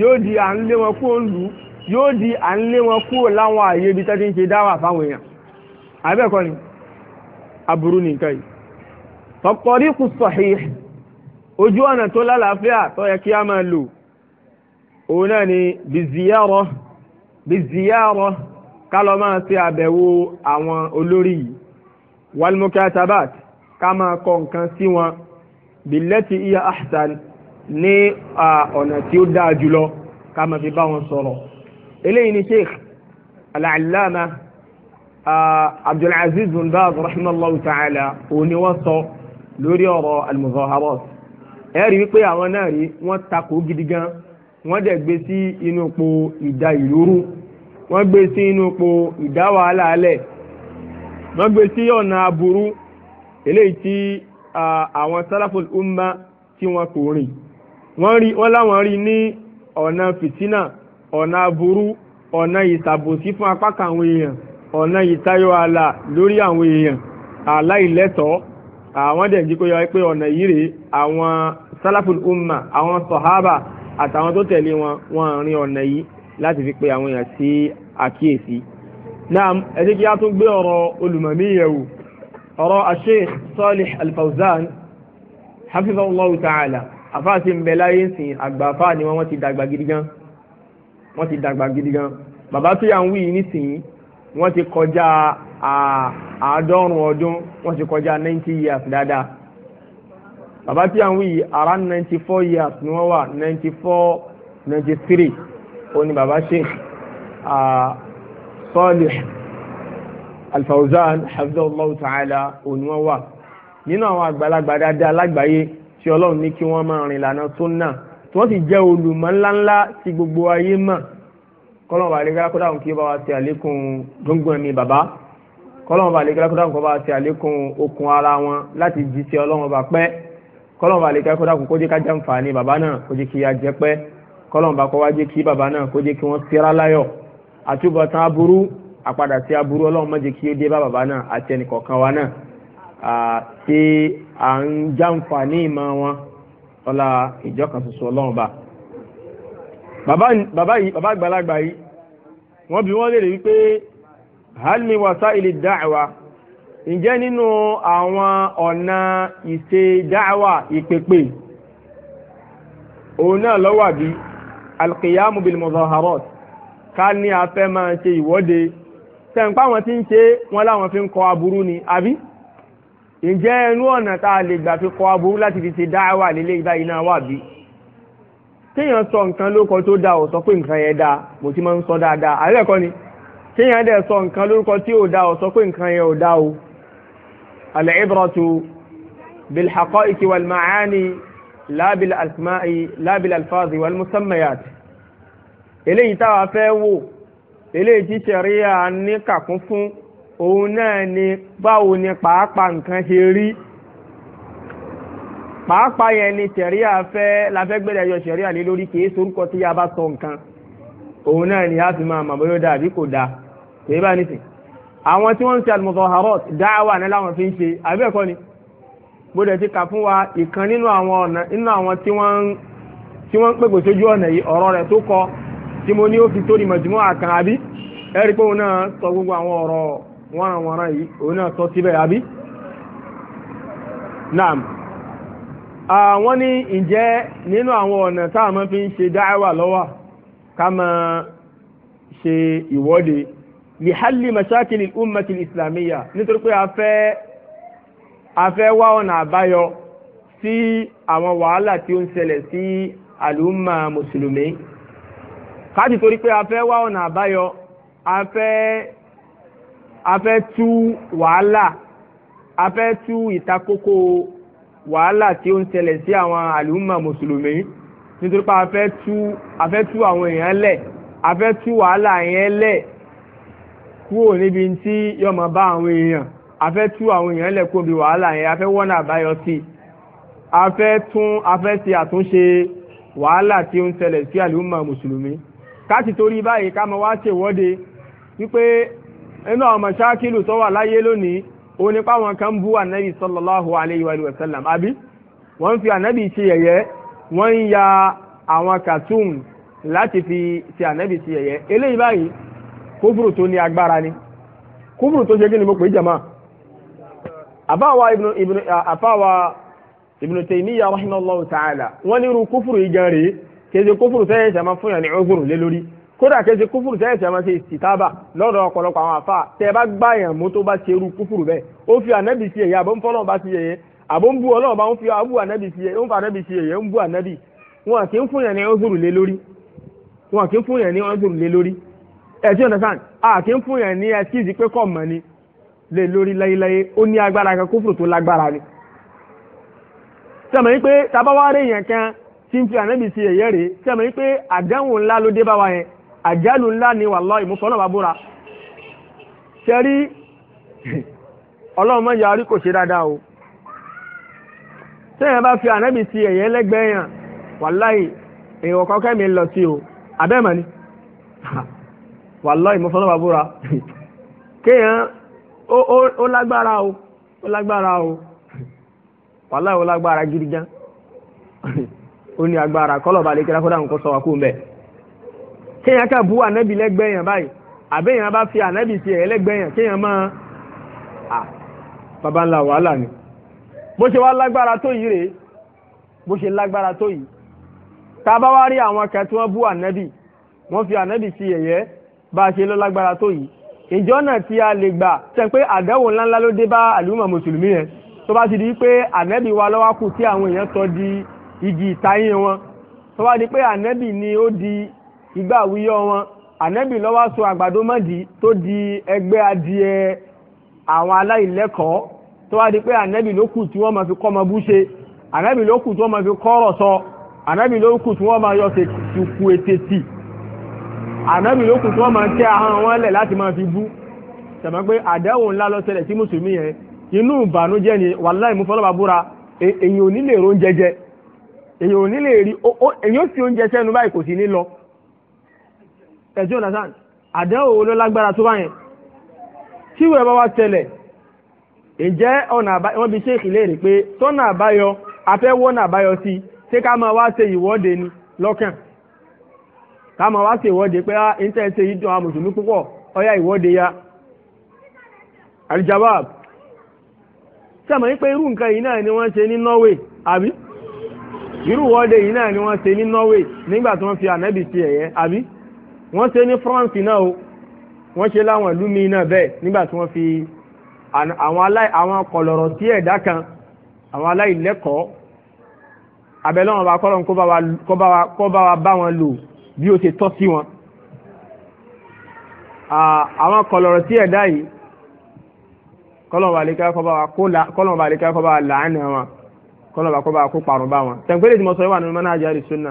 yóò di à ń lé wọn kúrò lù ú yóò di à ń lé wọn kúrò láwọn àyè ibi tẹ́tí ń ṣe dáwà fáwọn èèyàn àbẹ́ẹ̀kọ́ ni aburú nìkan yìí tọkọrí kù sahih ojú ọ̀nà tó lálàáfíà tó yẹ kí a máa lò òun náà ni biziyarọ biziyarọ ká lọ máa ṣe àbẹ̀wò àwọn olórí yìí walmukatabat ká máa kọ nǹkan sí wọn bìlẹ́tì iya ahsan ní ọ̀nà tí ó dáa jùlọ ká máa fi bá wọn sọ̀rọ̀ eléyìí ni sheikh al-allama abdulaziz bin baz rahimahullahu ta'ala òní wọ́n sọ lórí ọ̀rọ̀ al-muzaharat ẹ rí wípé àwọn náà rí wọ́n takò gidi gan wọ́n dẹ̀ gbé sí inú po ìdá ìlú rú gbé sí inú po ìdá wàhálà alẹ̀ wọ́n gbé sí ọ̀nà aburú eléyìí tí àwọn salaful umma tí wọn kò rìn wọ́n rí wọ́n láwọn rí ní ọ̀nà fìtínà ọ̀nà aburú ọ̀nà ìsàbòsí fún apá kan àwọn èèyàn ọ̀nà ìtayọ ààlà lórí àwọn èèyàn aláìlẹ́tọ̀ọ́ àwọn dẹ̀ jí kó yọ pé ọ̀nà yìí rèé àwọn salaful umma àwọn sọ̀hábà àtàwọn tó tẹ̀lé wọn wọ́n rin ọ̀nà yìí láti fi pe àwọn èèyàn sí àkíyèsí. náà ẹ jẹ́ kí a tún gbé ọ̀rọ̀ olùmọ̀mí yẹ̀ ọ̀rọ̀ asheikh Salih Al-Fawzan hafizahullahu ta'ala àfáàsì ń bẹ láyé ń sìn àgbà àfáà ni wọ́n ti dàgbà gidi gan wọ́n ti dàgbà gidi gan bàbá tó yà ń wí yìí nísìnyí wọ́n ti kọjá àádọ́rùn ọdún wọ́n ti kọjá ninety years dáadáa bàbá tí à ń wí around ninety four years ni wọ́n wà ninety four ninety three ó ní bàbá Sheikh Salih alfawzan hafizahullah ta'ala oníwọ̀n wà nínú àwọn àgbàlagbà dáadáa lágbàáyé tí ọlọ́run ní kí wọ́n máa rìn lànà sunna tí wọ́n sì jẹ́ olùmọ̀ ńláńlá tí gbogbo ayé mọ̀ kọ́lọ́n bá àlékún kó dáhùn kí bá wa ṣe àlékún gbóngbóng ẹ̀mí bàbá kọ́lọ́n bá àlékún kó dáhùn kó bá wa ṣe àlékún okun ara wọn láti jí sí ọlọ́run bá pẹ́ kọ́lọ́n bá àlékún kó dáhùn kó jẹ́ ká jẹ́ àǹfààní bàbá náà kó jẹ́ kí ya jẹ́ pẹ́ kọ́lọ́n bá kó wá jẹ́ kí bàbá náà kó jẹ́ kí wọ́n ṣe láyọ̀ àtúbọ̀tán aburú apadà sí aburú ọlọ́run má jẹ́ kí ó dé bá bàbá náà àti ẹnìkọ̀ọ̀kan wa náà tí à ń jàǹfààní ìmọ̀ wọn ọlá ìjọkan ṣoṣo ọlọ́run bá. bàbá yìí bàbá àgbàlagbà yìí wọ́n bi wọ́n léèrè wípé halmi wasaili da'wa ǹjẹ́ nínú àwọn ọ̀nà ìṣe da'wa ìpèpè òun náà lọ́wọ́ àbí alqiyamu bil muzaharat ká ní afẹ́ máa ṣe ìwọ́de tẹ̀ǹpá wọn ti ń ṣe wọn láwọn fi ń kọ aburú ni àbí ǹjẹ́ ẹnu ọ̀nà tá a lè gbà fi kọ aburú láti fi ṣe dáwà lélẹ́ ìbá iná wà bí kéèyàn sọ nǹkan lórúkọ tó dáa ò pé nǹkan yẹn dáa mo ti máa ń sọ dáadáa àárẹ̀ kọ́ ni kéèyàn dẹ̀ sọ nǹkan lórúkọ tí ò dáa ò pé nǹkan yẹn ò dáa o al-ibratu bil haqa'iqi wal ma'ani la bil asma'i la bil eléyìí táwa fẹ́ wò eléyìí tí ṣẹ̀ríà ní kàkún fún òun náà ni báwo ni pàápàá nǹkan ṣe rí pàápàá yẹn ni ṣẹ̀ríà fẹ́ láfẹ́gbẹ̀rẹ̀ yọ ṣẹ̀ríà lé lórí kì í sorúkọ tí a bá sọ nǹkan òun náà ni a fi máa mọ̀ bóyá dàbí kò dáa kì bá nìsín àwọn tí wọ́n ń ṣe al-muzaharat dáwà ní láwọn fi ń ṣe àbẹ́ẹ̀kọ́ ni gbọ́dọ̀ ti kà fún wa ìkan nínú àwọn ọ̀nà nínú àwọn tí wọ́n ń pèpè sójú ọ̀nà yìí ọ̀rọ̀ rẹ̀ tó kọ tí mo ní ó fi tó ní mọ̀jùmọ́ àkàn àbí ẹ rí pé òun náà sọ gbogbo àwọn ọ̀rọ̀ wọ́nranwọ́nran yìí òun náà sọ síbẹ̀ àbí. naam àwọn ní ǹjẹ́ nínú àwọn ọ̀nà tá a máa fi ń ṣe dáhàwà lọ́wọ́ ká máa ṣe ìwọ́de lìhálì mashakili ummati islamiyya nítorí pé a fẹ́ a fẹ́ wá ọ̀nà àbáyọ sí àwọn wàhálà tí ó ń ṣẹlẹ̀ sí àlùmà mùsùlùmí káàdì torí pé a fẹ́ wá ọ̀nà àbáyọ a fẹ́ a fẹ́ tú wàhálà a fẹ́ tú ìtakókò wàhálà tí ó ń ṣẹlẹ̀ sí àwọn àlùmọ̀ mùsùlùmí nítorí pé a fẹ́ tú a fẹ́ tú àwọn èèyàn lẹ̀ a fẹ́ tú wàhálà yẹn lẹ̀ kúrò níbi tí yóò máa bá àwọn èèyàn a fẹ́ tú àwọn èèyàn lẹ̀ kúrò níbi wàhálà yẹn a fẹ́ wọ́nà àbáyọ sí i a fẹ́ tún a fẹ́ ṣe àtúnṣe wàhálà tí ó ń ṣẹlẹ̀ sí àlùmọ̀ mùsùlùmí. káti torí báyìí ká máa wá ṣèwọ́de wípé inú àwọn mọ̀ṣáàkìlù tó wà láyé lónìí o ní páwọn kan ń bú ànábì sallallahu alayhi wa sallam àbí wọ́n ń fi ànábì ṣe yẹ̀yẹ́ wọ́n ń ya àwọn cartoon láti fi ṣe ànábì ṣe yẹ̀yẹ́ eléyìí báyìí kófùrù tó ní ni kófùrù tó ṣe kí ni mo pè é àbáwa ibnu ibnu wọ́n yìí kéde kófùrù sẹ́yìn ìṣàmà fún yàn ní ọgùrù lé lórí kódà kéde kófùrù sẹ́yìn ìṣàmà ṣe ìsìtábà lọ́dọ̀ ọ̀pọ̀lọpọ̀ àwọn àfa tẹ́ ẹ bá gbá yàn mú tó bá ṣe irú kófùrù bẹ́ẹ̀ ó fi ànábì sí ẹ̀yẹ àbọ̀nfọ́ náà bá ti yẹ̀yẹ́ àbọ̀nbú ọlọ́run bá ń fi àbú ànábì sí ẹ̀yẹ ń fa ànábì sí ẹ̀yẹ ń bú ànábì wọn kì í fún yàn ní ọgùrù lé lórí wọn kì í fún yàn ní ọgùrù lé lórí ẹ ti understand a kì í fún yàn ní ẹskíìsì pé kọ́ mọ̀ ni lé lórí láyéláyé ó ní agbára kan kófùrù tó lágbára ni sọmọ yìí pé tabawa tí ń fi ànábì sí ẹ̀yẹ́ rèé tí a mọ̀ wípé àdánwò ńlá ló dé bá wa yẹn àjálù ńlá ni wallahi ìmúfọ́nà bá búra ṣe rí ọlọ́run mọ́jà orí kò ṣe dáadáa o tẹ́yìn bá fi ànábì sí ẹ̀yẹ́ lẹ́gbẹ̀ẹ́ yàn wallahi èèyàn kọ́kẹ́ mi lọ sí o abẹ́mọ̀ ni wallahi ìmúfọ́nà bá búra kéèyàn ó lágbára o ó lágbára o wallahi ó lágbára gidi gan ó ní agbára kọ́lọ̀ balẹ̀ kí lákọ́dà ń kọ́ sọ wá kó mbẹ́. kéèyàn ká bu ànábì lẹ́gbẹ̀ẹ́ yẹn báyìí àbẹ́yàn bá fi ànábì tiẹ̀ lẹ́gbẹ̀ẹ́ yẹn kéèyàn máa à bàbá ńlá wàhálà ni. bó ṣe wá lágbára tó yìí rèé bó ṣe lágbára tó yìí tá a bá wá rí àwọn kan tí wọ́n bu ànábì wọ́n fi ànábì sí yẹ̀yẹ́ bá a ṣe lọ lágbára tó yìí ìjọ náà tí a lè gbà tẹ́ pé àdánwò ńláńlá ló dé bá àlùmọ̀ mùsùlùmí yẹn tó bá ti di pé ànábì wa lọ́wọ́ kù tí àwọn èèyàn sọ di igi ìtayín wọn tó wá di pé ànẹ́bì ni ó di igbá àwíyọ́ wọn ànẹ́bì ló wá sọ àgbàdo mọ́dì tó di ẹgbẹ́ adìẹ àwọn aláìlẹ́kọ̀ọ́ tó wá di pé ànẹ́bì ló kù tí wọ́n máa fi kọ́ ọmọ bú ṣe ànẹ́bì ló kù tí wọ́n máa fi kọ́ ọ̀rọ̀ sọ ànẹ́bì ló kù tí wọ́n máa yọ ṣèkù ètè tì ànábì ló kù tí wọ́n máa tẹ́ ahọ́n wọn lẹ̀ láti máa fi bú tẹ̀mọ́ pé àdẹ́wò ńlá lọ ṣẹlẹ̀ sí mùsùlùmí yẹn inú ìbànújẹ́ ni wàláì mú fọlọ́ba búra e-, ò ní lè ron jẹjẹ èyàn ò ní lè rí èyàn n sì oúnjẹ sẹ́nu báyìí kò sí ní lọ ẹ̀jọ́ nàṣán àdánwò ló lágbára tó báyẹn tí ìwé bá wá tẹlẹ̀ ǹjẹ́ ọ̀nà àbáyọ wọ́n bí ṣéèkì léèrè pé tọ́nà àbáyọ afẹ́wọ́nà àbáyọ sí ṣé ká máa wá ṣe ìwọ́de ni lọ́kàn ká máa wá ṣe ìwọ́de pé á ah, ń tẹ́ ṣe yìí dùn àwọn mùsùlùmí púpọ̀ ya yín pé irú nǹkan yìí náà ni wọ́n ṣe ní Norway àbí irú wọ́ọ̀dẹ yìí náà ni wọ́n ṣe ní Norway nígbà tí wọ́n fi ànábì ṣe ẹ̀yẹ àbí wọ́n ṣe ní France náà o wọ́n ṣe láwọn ìlú míì náà bẹ́ẹ̀ nígbà tí wọ́n fi àwọn aláì àwọn kọ̀lọ̀rọ̀ sí ẹ̀dá kan àwọn aláìlẹ́kọ̀ọ́ abẹ́lẹ́wọ̀n bá kọ́lọ́n kó bá wa bá wọn lò bí ó ṣe tọ́ sí wọn àwọn kọ̀lọ̀rọ̀ sí ẹ̀dá yìí kọ́lọ́n bá lè kọ́ bá wa láàánú wọn kọ́nà bá kọ́ bá kó parun bá wọn tẹ̀gbẹ́lẹ̀ tí mo sọ yìí wà nínú mọ́nà àjàrí sunna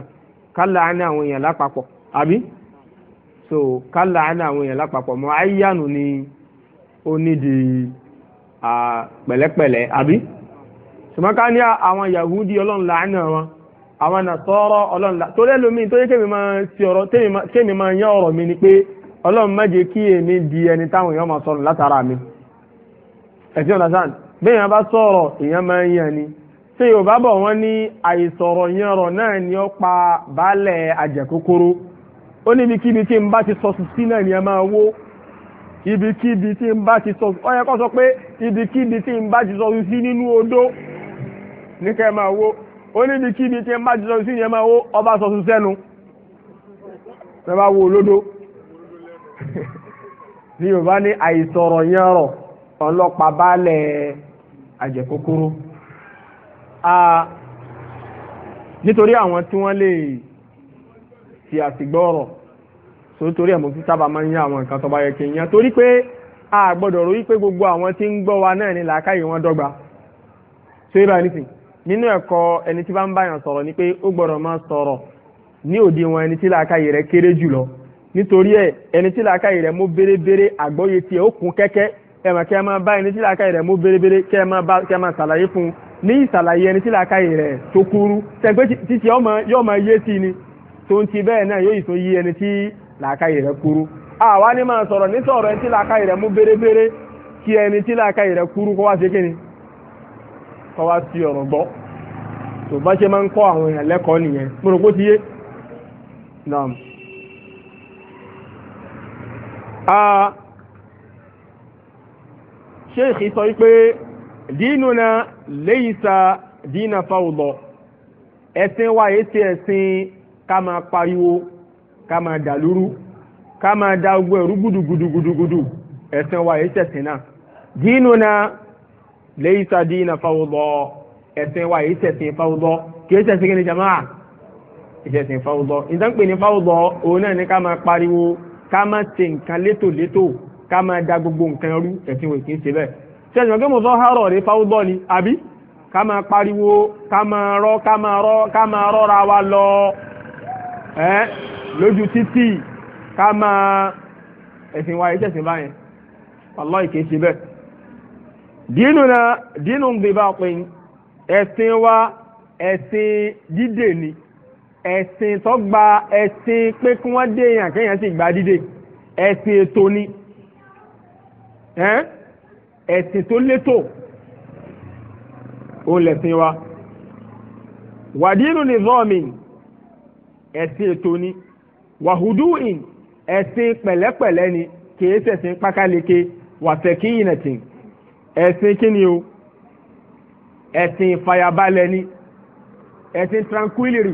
kálá á àwọn èèyàn lápapọ̀ àbí so kálá á ní àwọn èèyàn lápapọ̀ mọ́ ayéyànù ni ó nídìí pẹ̀lẹ́pẹ̀lẹ́ àbí sùmọ́ká ní àwọn yahudi ọlọ́run láàánú wọn àwọn nàṣọ́rọ́ ọlọ́run láàánú tó lẹ́lómi tó yẹ kémi máa ti ọ̀rọ̀ kémi máa yán ọ̀rọ̀ mi ni pé ọlọ́run má jẹ́ kí èmi di ẹni táwọn èèyàn máa sọ̀rọ̀ látara mi ẹ̀sìn ọ̀nà sáà bẹ́ẹ̀ yẹn bá sọ̀rọ̀ èèyàn máa ń yàn ni ṣé yorùbá bọ̀ wọ́n ní àìsọ̀rọ̀ yanrọ̀ náà ni ó pa baálẹ̀ àjẹkókóró ó níbikíbi tí n bá ti sọ sí sí náà ni ẹ máa wó ibikíbi tí n bá ti sọ ọ yẹ kó sọ pé ibikíbi tí n bá ti sọ sí nínú odó ní ká ẹ máa wó ó níbikíbi tí n bá ti sọ sí ni ẹ máa wó ọba sọ sí sẹ́nu ẹ bá wo olódó ní yorùbá ní àìsọ̀rọ̀ yanrọ̀ ọlọ́pàá baálẹ̀ àjẹkókóró. nítorí àwọn tí wọ́n lè ti àtìgbọ́rọ̀ so torí ẹ̀ mo fi sábà máa ń yá àwọn nǹkan tó bá yẹ torí pé a gbọ́dọ̀ ròyí pé gbogbo àwọn tí ń gbọ́ wa náà ni làákàyè wọn dọ́gba so ibà nísìn nínú ẹ̀kọ́ ẹni tí bá ń báyàn sọ̀rọ̀ ni pé ó gbọ́dọ̀ máa sọ̀rọ̀ ní òdi wọn ẹni tí làákàyè rẹ̀ kéré jùlọ nítorí ẹ ẹni tí làákàyè rẹ̀ mú bérebére àgbọ́yé tiẹ̀ ó kún kẹ́kẹ́ ẹ mà kẹ́ ẹ máa bá ẹni tí làákàyè rẹ̀ mú bérebére kẹ́ ẹ máa ṣàlàyé fún un ní ìsàlàyé ẹni tí làákàyè rẹ̀ tó kúrú tẹ̀gbẹ́ títí yóò máa yé sí ni tó ń ti bẹ́ẹ̀ náà yóò ìtún yí ẹni tí làákàyè rẹ̀ kúrú àwa ni máa sọ̀rọ̀ ní sọ̀rọ̀ ẹni tí làákàyè rẹ̀ mú bérebére kí ẹni tí làákàyè rẹ̀ kúrú kó wá ṣe ni kó wá sí ọ̀rọ̀ gbọ́ tó bá ṣe máa ń kọ́ àwọn èèyàn lẹ́kọ̀ọ́ nìyẹn mo rò pé ó ti yé naam sheikh dínúna léyìísá dínà fáwọlọ ẹ̀sìn wa yìí ṣe ẹ̀sìn ká máa pariwo ká máa dàlúrú ká máa da ogbó ẹrú wa yìí ṣẹ̀sìn náà dínúna léyìísá dínà fáwọlọ wa yìí ṣẹ̀sìn fáwọlọ kì í kí ni jama ìṣẹ̀sìn fáwọlọ ìdánpẹ ní fáwọlọ òun náà ni ká máa pariwo ká máa ṣe nǹkan létòlétò ká da gbogbo nǹkan wa ṣẹ̀ṣùn kí mo sọ hárọ̀ rí fáwọ́dọ́ ni àbí ká máa pariwo ká máa rọ́ ká máa rọ́ ká máa rọ́ra wa lọ ẹ́ lójú títì ká máa ẹ̀sìn wa ìṣẹ̀sìn báyẹn wallahi kìí ṣe bẹ́ẹ̀. dínú na dínú ń bèbá pin ẹ̀sìn wa ẹ̀sìn dídè ni ẹ̀sìn tó gba ẹ̀sìn pé kí wọ́n dé èèyàn kéèyàn sì gba dídè ẹ̀sìn ètò ni. Eh? ẹ̀sìn tó létò ó lẹ̀sìn wa wàdínú ní zọ́ọ̀mì ẹ̀sìn ètò ni wàhùdúìn ẹ̀sìn pẹ̀lẹ́pẹ̀lẹ́ ni kìí ṣẹ̀sìn pákáleke wàtẹ̀kíyìnẹ̀tì ẹ̀sìn kíni o ẹ̀sìn ìfàyàbalẹ̀ ni ẹ̀sìn tranquillity,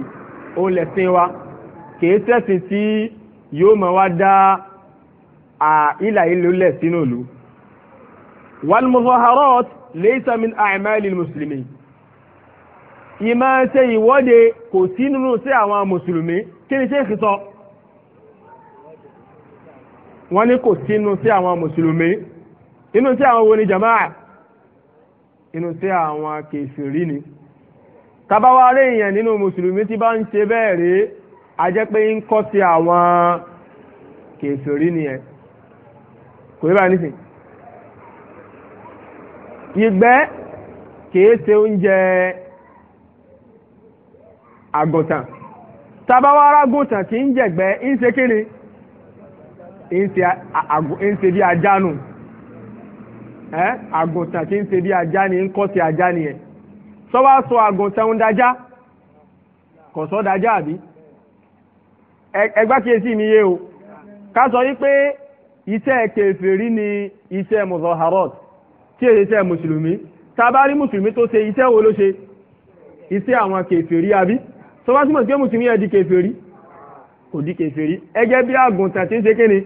ó lẹ̀sìn wa kìí ṣẹ̀sìn tí yóò máa wá dá ìlà ìlú lẹ̀ sínú ìlú. والمظاهرات ليس من أعمال المسلمين ìmá ṣe ìwọ́de kò sí nínú sí àwọn mùsùlùmí kí ni ṣéèkì sọ wọ́n ní kò sí nínú sí àwọn mùsùlùmí inú sí àwọn wo ni jamaa inú sí àwọn kèfèrí ni tabawa rẹ̀ èèyàn nínú mùsùlùmí tí bá ń ṣe bẹ́ẹ̀ rèé a jẹ́ pé ń kọ́ sí àwọn kèfèrí nìyẹn kò yẹ báyìí nísìnyí ìgbẹ́ kìí ṣe oúnjẹ àgùntàn tabawara gùntàn kì í jẹ̀gbẹ́ ń ṣe kí ni ń ṣe bí ajá nù ẹ́ àgùntàn kì í ṣe ni ń sọ àgùntàn ń kọsọ kò sọ́ dájá àbí ẹgbá kíyèsí mi yé o ká sọ ise iṣẹ́ kèfèrí ni iṣẹ́ muzaharot tí èyí iṣẹ́ mùsùlùmí tá bá rí mùsùlùmí tó ṣe iṣẹ́ wo ló ṣe iṣẹ́ àwọn kèfèrí àbí tó bá túmọ̀ sí pé mùsùlùmí ẹ̀ di kèfèrí kò di kèfèrí ẹgẹ́ bí àgùntàn tí ń ṣe kíni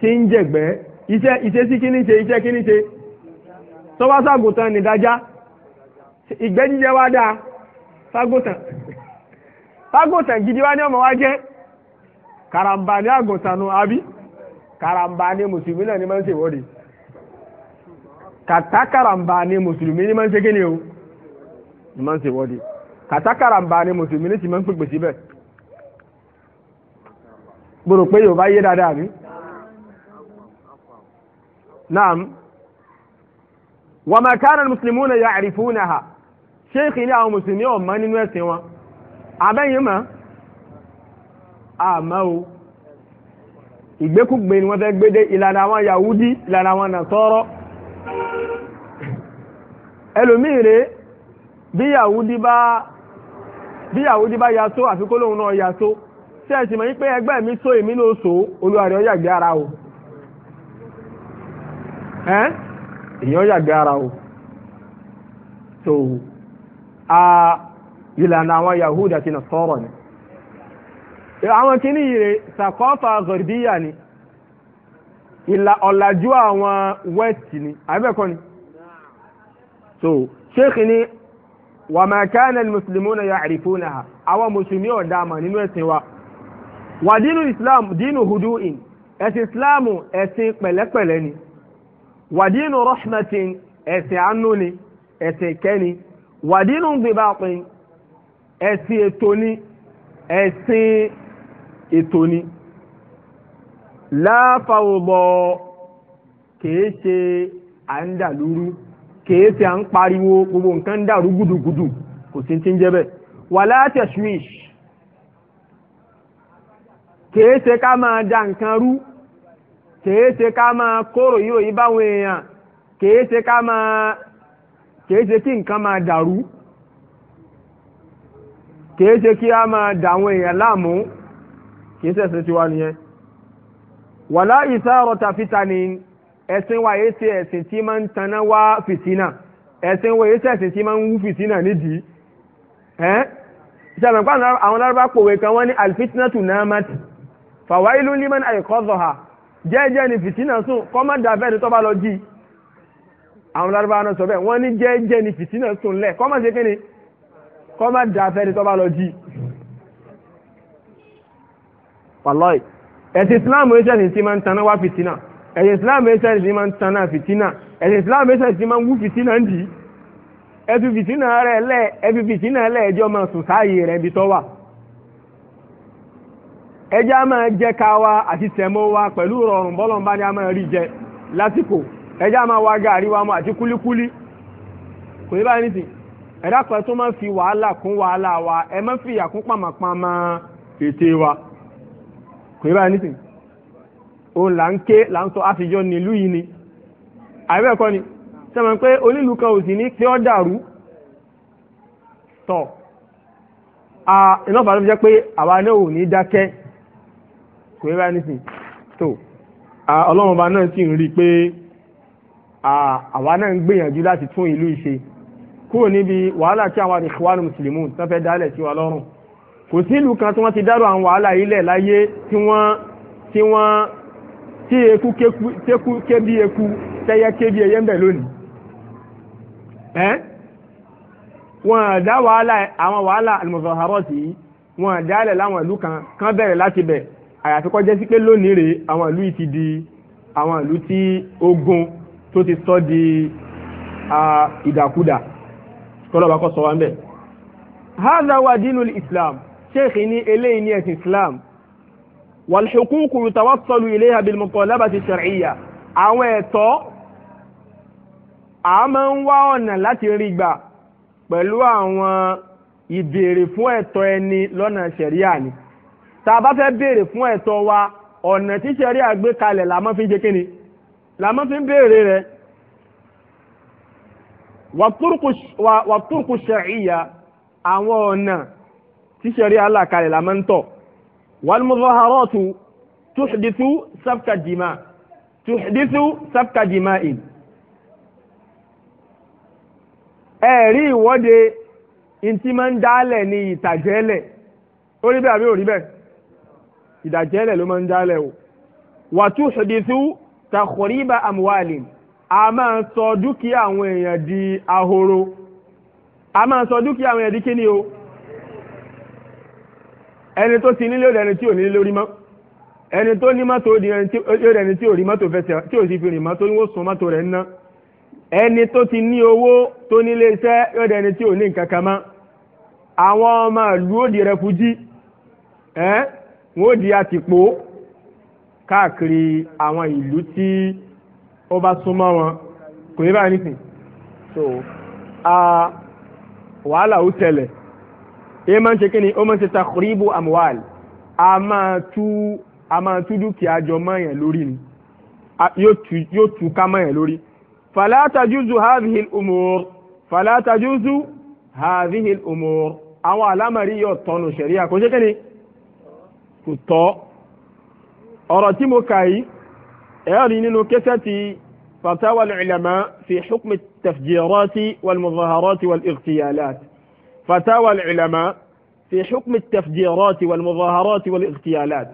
tí ń jẹ̀gbẹ́ iṣẹ́ iṣẹ́ sí kíní ṣe iṣẹ́ kíní ṣe tó bá ságùntàn nìdájá ìgbẹ́ jíjẹ wá dáa ságùntàn ságùntàn gidi wá ní ọmọ wá jẹ́ karambani àgùntàn nu àbí karambani mùsùlùmí náà ni máa ń ṣèwọ́de kàtàkàràmbà ni mùsùlùmí ní máa ń ṣe kí ni o ní máa ń ṣe wọ́de kàtàkàràmbà ni mùsùlùmí ní sì máa ń pèpè síbẹ̀ gbọ́dọ̀ pé yorùbá yé dáadáa mi naam wàmà kánà mùsùlùmí náà yà àrífù náà ṣéèkì ní àwọn mùsùlùmí ọ̀mọ́ nínú ẹ̀sìn wọn àbẹ́yìn mọ́ àmọ́ o ìgbékúgbé ni wọ́n fẹ́ gbé dé ìlànà àwọn yahudi ìlànà àwọn nàtọ́rọ́ ẹlòmíì biya bí Yahudi bá bí Yahudi bá ya tó ya tó ṣé sì mọ̀ wípé ẹgbẹ́ mi tó èmi náà so olúwa rẹ̀ ara o ẹ́ ya yàgbé ara o tó a ìlànà àwọn Yahudi àti Nasara ni àwọn kìíní yìí rè sàkọ́fà gọ̀rìdíyà ni ọ̀làjú àwọn west ni ni. so sheikh ni wa ma kana almuslimuna ya'rifunaha àwọn mùsùlùmí ọ̀dà mà nínú ẹ̀sìn wa wà dínú islam dínú hudu'in ẹ̀sìn islamu ẹ̀sìn pẹ̀lẹ́pẹ̀lẹ́ ni wà dínú rahmatin ẹ̀sìn àánú ni ẹ̀sìn kẹ́ni wà dínú gbìbàpin ẹ̀sìn ètò ni ẹ̀sìn ètò ni láfàwọ̀ bọ̀ kìí kèé ṣe à ń pariwo gbogbo nǹkan ń dàrú gudugudu kò sí ti ń jẹ́ bẹ́ẹ̀ wàlá tashwish ká máa da nǹkan rú kèé ká máa kóró ìròyìn báwọn èèyàn kèé ká máa kí nǹkan máa dàrú kí máa dà àwọn èèyàn láàmú ẹ̀sìn wa yìí ṣe ẹ̀sìn tí máa ń taná wá fìtínà ẹ̀sìn wa yìí ṣe ẹ̀sìn tí máa ń wú fìtínà nídìí ẹ́ ṣàmì pa àwọn lárúbá pòwe kan wọ́n ní alfitinatu namat fàwáìlú liman àìkọ́zọ̀ha jẹ́ẹ́jẹ́ ni fìtínà sùn kọ́mọ́ dàbẹ́ ni tó bá lọ jí àwọn lárúbá náà sọ bẹ́ẹ̀ wọ́n ní jẹ́ẹ́jẹ́ ni fìtínà sùn lẹ̀ kọ́mọ́ ṣe kí ni kọ́mọ́ dàbẹ́ ni tó bá lọ jí. wàlọ́ọ̀ì ẹ̀sìn islam ẹ̀sìn tí máa ń taná wá fìtínà. ẹ̀sìn islam ẹ̀sẹ̀ ti máa ń na fìtínà ẹ̀sìn islam ẹ̀sẹ̀ ti máa ń wú fìtínà ń dì í ẹ̀fi fìtínà rẹ̀ lẹ̀ ẹ̀fi fìtínà lẹ̀ ẹjọ́ máa sùn sáàyè rẹ̀ ibi tọ́ wà. ẹjẹ́ máa ká wa àti tẹ̀mọ́ wa pẹ̀lú rọrùn ni a lásìkò ẹjẹ́ máa wá gàrí wa àti kúlíkúlí kò báyìí nìsín tó máa fi wàhálà kún wa ẹ fi pàmàpàmà ète wa kò òun là ń ké là ń sọ àfijọ́ nílùú yìí ni àìbẹ́ẹ̀ kọ́ ni sẹ́wọ̀n pé onílù kan ò sì ní tí ó dàrú tọ̀ iná fàánù jẹ́ pé àwa náà ò ní dákẹ́ kò yẹ báyìí nísìn tó ọlọ́run ọba náà sì ń rí i pé àwa náà ń gbìyànjú láti tún ìlú ìṣe kúrò níbi wàhálà tí àwọn àdìsíwánù mùsùlùmí tó fẹ́ dálẹ̀ sí wa lọ́rùn kò sí ìlú kan tí wọ́n ti dárò àwọn wàhálà yìí lẹ̀ láyé tí wọ́n tí eku teku ké bí eku tẹyẹ ké bí ẹyẹ ń bẹ lónìí ẹ wọn dá wàhálà àwọn wàhálà al-muzaharati yìí wọn dálẹ̀ láwọn ìlú kan kan bẹ̀rẹ̀ láti bẹ̀ àyàfi kó sí pé lónìí rèé àwọn ìlú yìí ti di àwọn ìlú tí ogun tó ti sọ di ìdàkudà kọlọ́ba kọ́ sọ wa ń bẹ̀. hadha wa dinul islam sheikh ní eléyìí ní ẹ̀sìn islam والحقوق يتوصل إليها بالمطالبة الشرعية àwọn ẹ̀tọ́ a máa ń wá ọ̀nà láti rí gbà pẹ̀lú àwọn ìbéèrè fún ẹ̀tọ́ ẹni lọ́nà ṣẹ̀ríà ni tá a bá fẹ́ béèrè fún ẹ̀tọ́ wa ọ̀nà tí ṣẹ̀ríà gbé kalẹ̀ la máa fi ṣe kíni la máa fi ń béèrè rẹ̀ wàtúrùkù ṣẹ̀ríà àwọn ọ̀nà tí ṣẹ̀ríà là kalẹ̀ la máa ń tọ̀. والمظاهرات تحدث سفك الدماء تحدث سفك دماء ẹ̀rí ìwọ́de ntí máa ń dálẹ̀ ní ìtàjẹ́lẹ̀ ó rí bẹ́ẹ̀ àbí ò rí bẹ́ẹ̀ ìtàjẹ́lẹ̀ ló máa ń dálẹ̀ o wa tuhdithu takhriba amwalim a máa sọ dúkìá àwọn èèyàn di ahoro a máa sọ dúkìá àwọn èèyàn di kíni o ẹni tó ti nílé òdẹni tí ò nílé lórí mọ́ ẹni tó ní mọ́tò òdẹni tí ò rí mọ́tò fẹsẹ̀ tí ò sì fi rìn mọ́tò ní wọ́n sun mọ́tò rẹ̀ ná ẹni tó ti ní owó tó nílé iṣẹ́ òdẹni tí ò ní nǹkan kan àwọn ọmọ ìlú òdì rẹ fújì ẹ wọn ò di àtìpó káàkiri àwọn ìlú tí ó bá súnmọ́ wọn kò ní báyìí nìsín so wàhálà ó tẹlẹ̀ ìyẹn máa ń ṣe kí ni ó máa ń ṣe takhribu amwal a máa tú a máa tú dúkìá jọ mọ́yàn lórí ni yóò tú ká mọ́yàn lórí. fala tajuzu hadhihi al-umur fala tajuzu hadhihi al-umur àwọn àlámọ̀rí yóò tọ́nu ṣẹ̀ríà kò ṣe kí ni kò tọ́ ọ̀rọ̀ tí mo kà yìí ẹ̀rí nínú kẹsẹ̀tì fatawa al-ulama fi hukm at-tafjirat wal-muzaharat wal-ightiyalat. فتاوى العلماء في حكم التفجيرات والمظاهرات والاغتيالات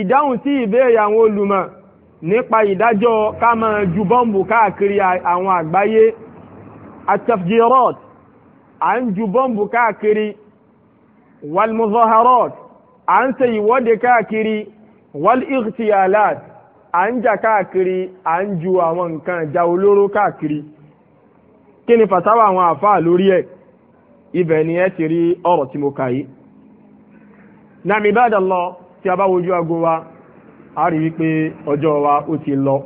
ìdáhùn sí ìbéèrè àwọn olùmọ̀ nípa ìdájọ́ ká máa ju bọ́ǹbù káàkiri àwọn àgbáyé atafjirot à ń ju bọ́ǹbù káàkiri walmuzaharot à ń ṣe ìwọ́de káàkiri walirtiyalat à ń jà káàkiri à ń ju àwọn nǹkan ìjà olóró káàkiri kí ni fàtàwà àwọn àfáà lórí ẹ̀ ibẹ̀ ni ẹ ti rí ọ̀rọ̀ tí mo kà yìí nàmì ìbàdàn lọ tí a bá wojú aago wa a rí i pé ọjọ́ wa ó ti lọ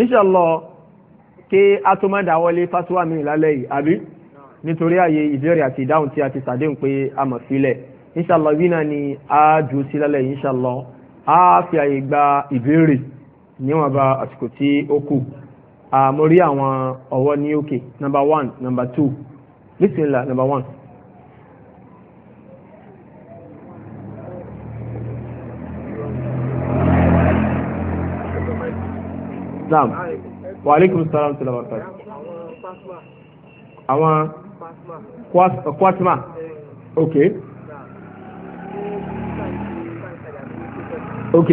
inshallah kí a tó má dáwọ́lé fatuwa mi lálẹ́ yìí àbí nítorí ààyè ìbéèrè àti ìdáhùn tí a ti sàdéhùn pé a mọ̀ sílẹ̀ inshallah bí náà ni a jù sí lálẹ́ yìí inshallah a fi àyè gba ìbéèrè níwọ̀nba àsìkò tí ó kù àmórí àwọn ọ̀wọ́ ní òkè number one number two. Bismillah number one. Naam. Wa alaikum salaam tí lọ́wọ́ tọ́jú. Àwọn kwasma. Ok. Ok.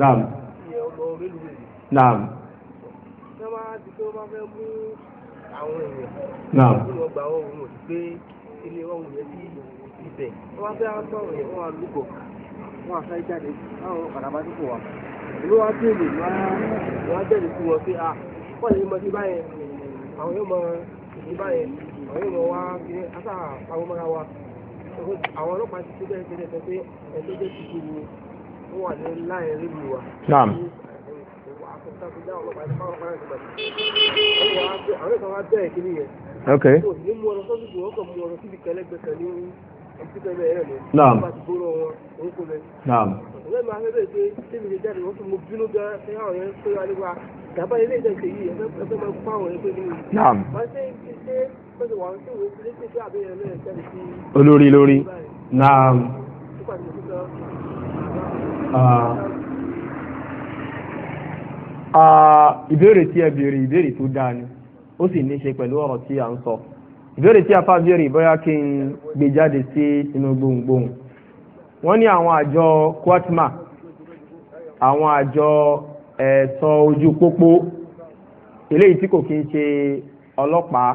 Naam. Naam àwọn èèyàn tí wọ́n gba àwọn ohun òsì pé ilé ọ̀hún yẹn ti ibẹ̀ wọ́n fẹ́ sọ̀rọ̀ yẹn wọ́n á lúgọ̀ wọ́n á fẹ́ jáde láwọn ọ̀kadàbá tó kò wá ló wá sí èlò wọ́n á jáde sí wọn pé à wọ́n lè mọ sí báyẹn àwọn yóò mọ sí báyẹn àwọn yóò mọ wá kí ata àwọn mọ́ra wa àwọn ọlọ́pàá ti ṣe bẹ́ẹ̀ ṣe pé ẹ̀ ló jẹ́ tuntun ni wọ́n wà ní láì rí mi ok. naam naam. naam. olórí lórí naam. Uh, ìbéèrè tí ẹ béèrè ìbéèrè tó dáa ni ó sì ní í ṣe pẹ̀lú ọ̀rọ̀ tí à ń sọ ìbéèrè tí afa béèrè bóyá kí n gbé jáde sí inú gbohùngbohùn wọ́n ní àwọn àjọ kwatma àwọn àjọ ẹ̀sọ́ ojú pópó eléyìí tí kò kí ń ṣe ọlọ́pàá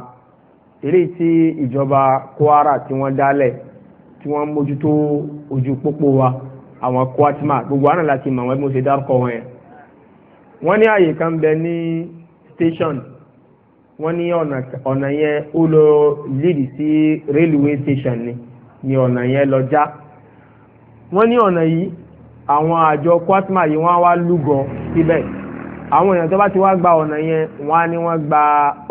eléyìí tí ìjọba Kwara tí wọ́n dálẹ̀ tí wọ́n mójútó ojú pópó wa àwọn kwatma gbogbo àná láti mọ̀ wọ́n bí mo ṣe dárúkọ wọn yẹn wọ́n ní àyè kan bẹ ní station wọ́n ní ọ̀nà yẹn ó lọ lídì sí railway station ni ni ọ̀nà yẹn lọ já wọ́n ní ọ̀nà yìí àwọn àjọ kwasma yìí wọ́n á wá lúgọ síbẹ̀ àwọn èèyàn tó bá ti wá gba ọ̀nà yẹn wọ́n á ní wọ́n gba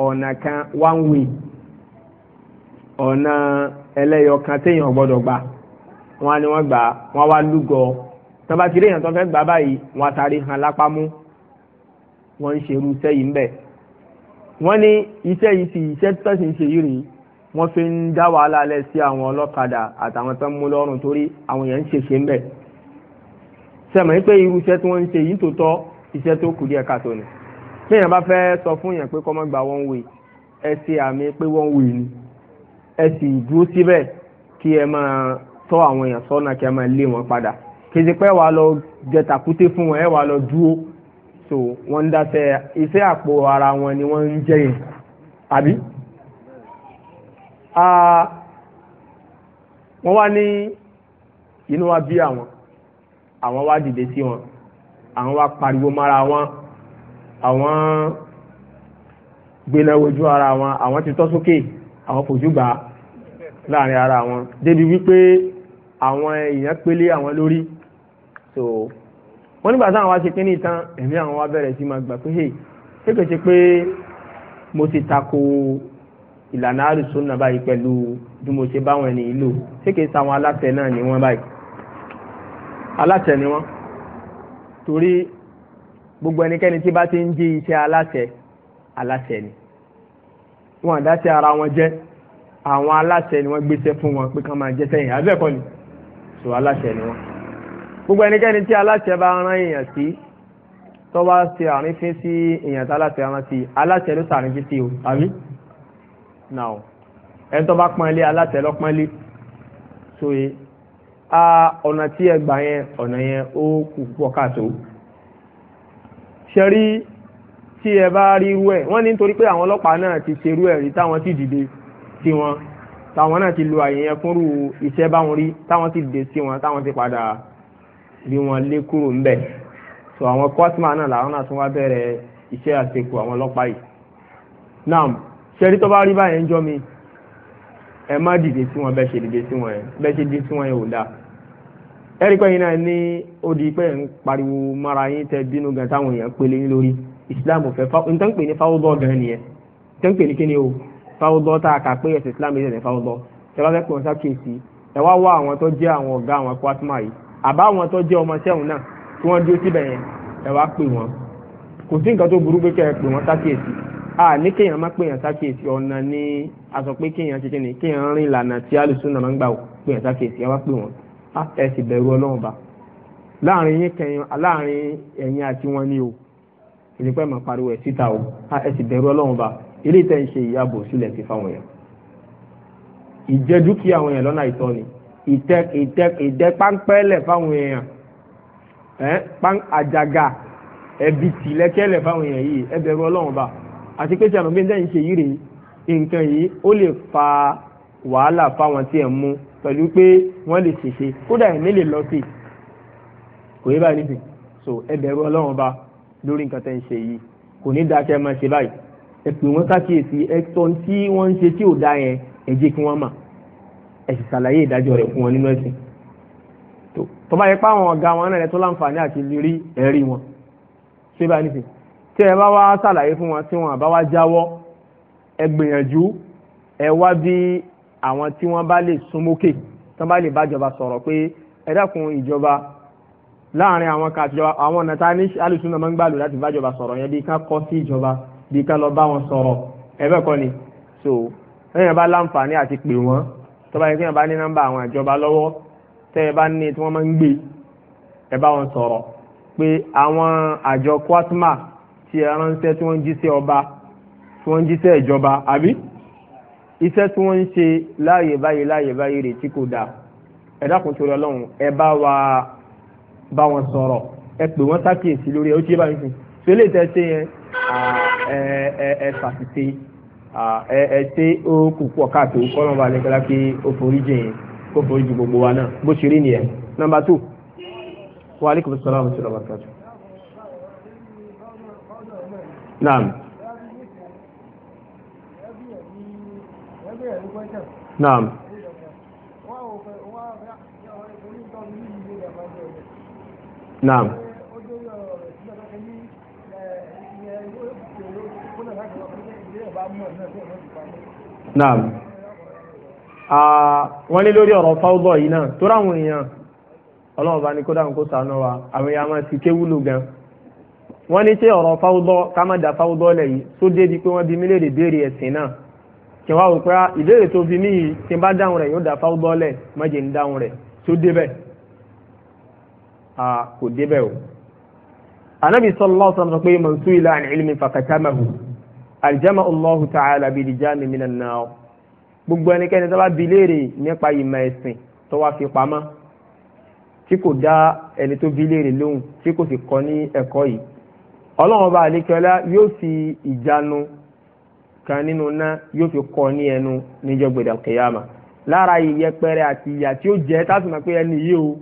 ọ̀nà kan one way ọ̀nà ẹlẹ́yọ kan téèyàn gbọ́dọ̀ gbà wọ́n á ní wọ́n gbà wọ́n á wá lúgọ tó ti rí èèyàn tó fẹ́ gbà báyìí wọ́n á tarí hàn lápá mú wọ́n ń ṣe irú iṣẹ́ yìí ń bẹ̀ wọ́n ní iṣẹ́ yìí sì iṣẹ́ tó ń ṣe yìí rèé wọ́n fi ń dá wàhálà alẹ́ sí àwọn ọlọ́kadà àtàwọn tó ń mú lọ́rùn torí àwọn èèyàn ń ṣe ṣe ń bẹ̀ sẹ́mọ̀ yìí pé irú iṣẹ́ tí wọ́n ń ṣe yìí tó tọ́ iṣẹ́ tó kù díẹ̀ káàtó ni bí èèyàn bá fẹ́ sọ fún èèyàn pé kó má gba one way ẹ ṣe àmì pé one way ni ẹ sì dúró síbẹ̀ kí ẹ máa tọ́ àwọn èèyàn sọ́nà kí ẹ máa lé wọn padà kì í ṣe pé ẹ wà lọ jẹ tàkúté fún wọn ẹ wà lọ dúró so wọ́n ń dáṣẹ́ iṣẹ́ àpò ara wọn ni wọ́n ń jẹ́ yẹn àbí. wọ́n wá ní inú wa bí àwọn àwọn wá dìde sí wọn àwọn wá pariwo mọ́ra wọn àwọn gbéná wojú ara wọn àwọn ti tọ́ sókè àwọn fojú gbà láàrin ara wọn débi wípé àwọn èèyàn pélé àwọn lórí so wọ́n nígbà táwọn wá ṣe kí ní ìtàn ẹ̀mí àwọn wá bẹ̀rẹ̀ sí máa gbà pé hey ṣé kò ṣe pé mo ti tako ìlànà àrùsùn náà báyìí pẹ̀lú bí mo ṣe báwọn ẹni ìlú ṣé kì í aláṣẹ náà ni wọ́n báyìí aláṣẹ ni wọ́n torí gbogbo ẹnikẹ́ni tí bá ti ń jí iṣẹ́ aláṣẹ aláṣẹ ni wọn àdáṣe ara wọn jẹ́ àwọn aláṣẹ ni wọ́n gbéṣẹ́ fún wọn pé ká máa jẹ́ sẹ́yìn abẹ́ẹ̀kọ́ ni sọ aláṣẹ ni wọ́n gbogbo ẹnikẹ́ni tí aláṣẹ bá rán èèyàn sí tó bá ṣe àrífín sí èèyàn tí aláṣẹ rán sí aláṣẹ ló ṣàrífín sí o àbí now ẹni tó bá pọ́n ilé aláṣẹ lọ́pọ́n ilé sóye ọ̀nà tí ẹ gbà yẹn ọ̀nà yẹn ó kù púpọ̀ káàtó ṣẹ́rí tí ẹ bá rí irú ẹ̀ wọ́n ní nítorí pé àwọn ọlọ́pàá náà ti ṣe irú ẹ̀ rí táwọn ti dìde sí wọn táwọn náà ti lo àyè yẹn fúnrú iṣẹ́ báwọn rí táwọn ti dìde sí wọn táwọn ti padà bí wọ́n lé kúrò ńbẹ̀ so àwọn kọ́símà náà làwọn náà tún wá bẹ̀rẹ̀ iṣẹ́ àṣekù àwọn ọlọ́pàá yìí náà ṣẹ́rí tó bá rí báyẹn ń jọ́ mi ẹ má dìde sí wọn bẹ́ẹ̀ ṣe dìde sí wọn yẹn bẹ́ẹ̀ ṣe dìde sí wọn yẹn ò dáa ẹ̀rí pẹ́yìn náà ní ó pé ń pariwo mara yín tẹ bínú gan táwọn èèyàn pélé yín lórí Islam ò fẹ́ nǹkan pè ní fáwọ́dọ́ gan nìyẹn nǹkan pè ní kíni o fáwọ́dọ́ tá a kà pé ẹ̀sìn Islam yìí tẹ̀lé fáwọ́dọ́ ẹ bá fẹ́ pè wọ́n sá kéèsì ẹ wá wá àwọn tó jẹ́ àwọn ọ̀gá àwọn kwatma yìí àbáwọn tó jẹ́ ọmọ sẹ́wọ̀n náà tí wọ́n dúró síbẹ̀ yẹn ẹ wá pè wọ́n kò sí nǹkan tó burú pé kẹ́ ẹ pè wọ́n sákìyèsí a ní kéèyàn má pèèyàn sákìyèsí ọ̀nà ní aṣọ pé kéèyàn ṣe kíni kéèyàn rìn ìlànà tí alùsùn náà máa ń gbà pèèyàn sákìyèsí ẹ wá pè wọ́n ẹ sì bẹ̀rù ọlọ́run bá láàrin yín kẹyìn láàrin ẹ̀yin àti wọn ni o ìdípẹ́ máa pariwo ẹ̀ síta o ẹ sì bẹ̀rù ọlọ́run bá ilé ìtẹ̀ ń ṣe ìyàbò sílẹ̀ ti fáwọn èèyàn ìjẹ́ dúkìá àwọn èèyàn lọ́nà àìtọ́ ìtẹ ìtẹ ìdẹ páńpẹ́lẹ̀ fáwọn èèyàn ẹ pán àjàgà ẹbí tìlẹ́kẹ́lẹ̀ fáwọn èèyàn yìí ẹ bẹ̀rù ọlọ́run bá àti pé sàmì bí ntẹ́yìn ṣe yìí rèé nǹkan yìí ó lè fa wàhálà fáwọn tí ẹ̀ ń mú pẹ̀lú pé wọ́n lè ṣèṣe kódà ẹ̀mí lè lọ sí i kò yé báyìí nísìn so ẹ bẹ̀rù ọlọ́run bá lórí nǹkan tẹ́ ń ṣe yìí kò ní dáa kẹ́ ẹ máa ṣe báyìí ẹ pè wọ́n kákíyèsí ẹ sọ tí wọ́n ń ṣe tí ò dáa yẹn ẹ jẹ́ kí wọ́n mọ̀ ẹ̀sìn ṣàlàyé ìdájọ́ rẹ̀ fún wọn nínú ẹ̀sìn tó bá yẹ pé àwọn ọ̀gá wọn náà tó láǹfààní àti rí ẹ̀rí wọn ṣé bá nìsín tí ẹ bá wá ṣàlàyé fún wọn tí wọn bá wá jáwọ́ ẹ gbìyànjú ẹ wá bí àwọn tí wọ́n bá lè súnmókè tó bá lè bájọba sọ̀rọ̀ pé ẹ dákun ìjọba láàrin àwọn kan àtijọba àwọn ọ̀nà tá a ní alùsùn náà máa ń gbàlù láti bájọba sọ̀rọ̀ yẹn bí ká kọ́ sí ìjọba bí ká lọ bá wọn sọ̀rọ̀ ẹ bẹ́ẹ̀ kọ́ ni so ẹ̀yìn bá láǹfààní àti pè wọ́n tọ́ba yẹn kéèyàn bá ní nọ́mbà àwọn ìjọba lọ́wọ́ tẹ́ ẹ bá ní tí wọ́n máa ń gbé ẹ bá wọn sọ̀rọ̀ pé àwọn àjọ kwasma ti ránṣẹ́ tí wọ́n jíṣẹ́ ọba tí wọ́n jíṣẹ́ ìjọba àbí iṣẹ́ tí wọ́n ń ṣe láàyè báyìí láàyè báyìí rè tí kò dáa ẹ dákun torí ọlọ́run ẹ bá wa bá wọn sọ̀rọ̀ ẹ pè wọ́n sákìyèsí lórí ẹ ó ti yé báyìí fún un ṣe lè tẹ́ ṣe yẹn ẹ ẹ ẹ ṣàṣìṣe ẹtí ó kù pọ̀ káàtó kọ́nà bá lẹ́gbẹ́lá pé ó forí jìn kó forí ju gbogbo wa náà bó ṣe rí nìyẹn. nọmba two wa aleykum salaam wa rahmatulah wa barakatu. naam. naam. naam. naam wọ́n ní lórí ọ̀rọ̀ fáwọ́bọ̀ yìí náà tó ráwọn èèyàn ọlọ́run bá ní kó dáhùn kó sànú wa àwọn èèyàn máa ti ké wúlò gan wọ́n ní ṣé ọ̀rọ̀ fáwọ́bọ̀ ká má da fáwọ́bọ̀ lẹ̀ yìí tó débi pé wọ́n bi mí léèrè béèrè ẹ̀sìn náà kí wọ́n wò pé ah, ìbéèrè tó bi mí yìí tí n bá dáhùn rẹ̀ yóò da fáwọ́bọ̀ lẹ̀ mọ́jẹ̀ ń dáhùn rẹ̀ tó débẹ̀ kò débẹ̀ o anabi sallallahu alaihi wasallam sọ aljama allahu ta'ala bíi lijami minan nar gbogbo ẹnikẹ́ni tó bá bi léèrè nípa ìmọ̀ ẹ̀sìn tó wá fi pamọ́ tí kò dá ẹni tó bi léèrè lóhùn tí kò sì kọ́ ní ẹ̀kọ́ yìí ọlọ́run bá àlékẹ́lá yóò fi ìjánu kan nínú ná yóò fi kọ́ ní ẹnu níjọ́ gbèdà kìyàmà lára ìyẹpẹrẹ àti ìyà tí ó jẹ́ tásùmọ̀ pé ẹni yìí o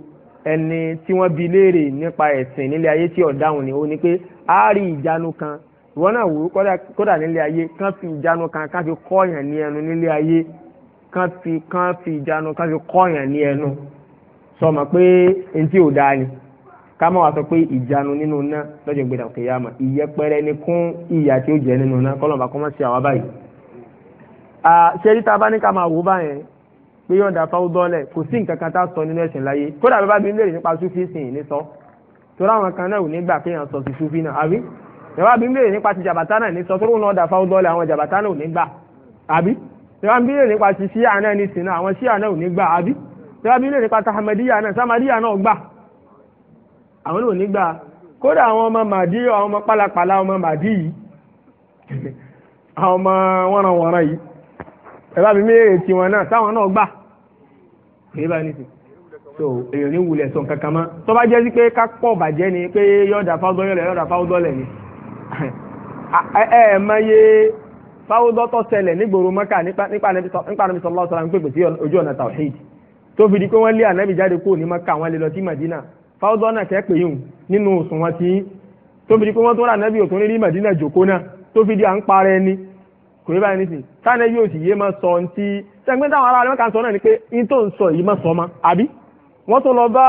ẹni tí wọ́n bi léèrè nípa ẹ̀sìn nílé ayé tí ọ̀dáhùn ni ó ní pé a rí ìjánu kan wọn náà wò ó kódà nílé ayé kán fi ìjánu kan kán fi kọ́ọ̀yàn ní ẹnu nílé ayé kán fi kán fi ìjánu kán fi kọ́ọ̀yàn ní ẹnu sọmọ pé ntí ò dáa ni ká má wàá sọ pé ìjánu nínú náà lọ́jọ́ ìgbéra òkè yá mà ìyẹpẹrẹ ni kún ìyà tí ó jẹ nínú náà kọ́lọ́mà kọ́ mọ́ sí àwa báyìí. ṣé rí ta bá ní ká máa wò báyẹn pé yọ̀ǹda fáwọ́dọ́lẹ̀ kò sí nǹkan kan tá a sọ nínú ẹ̀sìn láyé kódà bàbá mi ń lè nípa súfì sìn ní sọ torí àwọn kan náà ò ní gbà kéèyàn sọ sí súfì náà àbí ìwà bí bílẹ̀ nípa ti jàbátá náà ní sọ tó rún náà dàfáwọ́ dọ́lẹ̀ àwọn jàbátá náà ò ní gbà àbí ìwà bí bílẹ̀ nípa ti ṣíà náà ní sinú àwọn ṣíà náà ò ní gbà àbí ìwà bí bílẹ̀ nípa tahamadíyà náà samadíyà náà gbà àwọn náà ò ní gbà kódà àwọn ọmọ màdí àwọn ọmọ pálapàla ọmọ màdí yìí àwọn ọmọ wọ́nranwọ̀nran yìí ìwà bí bílẹ̀ tiwọn náà táwọn náà gbà so èèyàn ní wulẹ̀ sọ kankan mọ́ tó bá jẹ́ sí pé ká pọ̀ bàjẹ́ ni pé yọ̀ọ̀dà fáwọ́dọ́lẹ̀ yọ̀ọ̀dà fáwọ́dọ́lẹ̀ ni a fáwọ́dọ́tọ̀ ṣẹlẹ̀ nígboro mọ́kà nípa Ànábì sallallahu alaihi wasallam ń pèpè sí ojú ọ̀nà tawhid tó fi di pé wọ́n lé Ànábì jáde kúrò ní mọ́kà wọ́n lè lọ sí Madina fáwọ́dọ́ náà kẹ́ pè yùn nínú ka wọn tí tó fi di pé wọ́n tó rà rí Madina jòkó náà tó fi di à ń para ẹni kò báyìí yé sọ táwọn ma àbí wọn tó lọ bá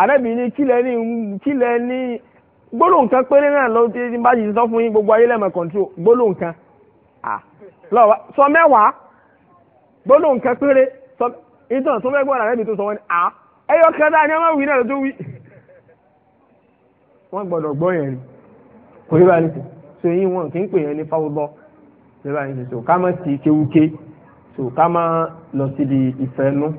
àrẹ́bì ní kílẹ̀ ní kílẹ̀ ní gbólóhùn kan péré náà ló ti bá yìí sọ fún yín gbogbo ayé lẹ́mọ̀ control gbólóhùn kan lọ́wọ́ sọ mẹ́wàá gbólóhùn kan péré sọ ìtàn tó fẹ́ gbọ́dọ̀ àrẹ́bì tó sọ wọ́n ni à ẹyọ kan dáa ni wọ́n wí náà ló tó wí. wọ́n gbọ́dọ̀ gbọ́ yẹn ni kò yẹ báyìí so eyín wọn kì í pè yẹn ní fáwọ́dọ́ yẹ báyìí so ká má ti kéwúké so ká má lọ síbi ìfẹ́ nú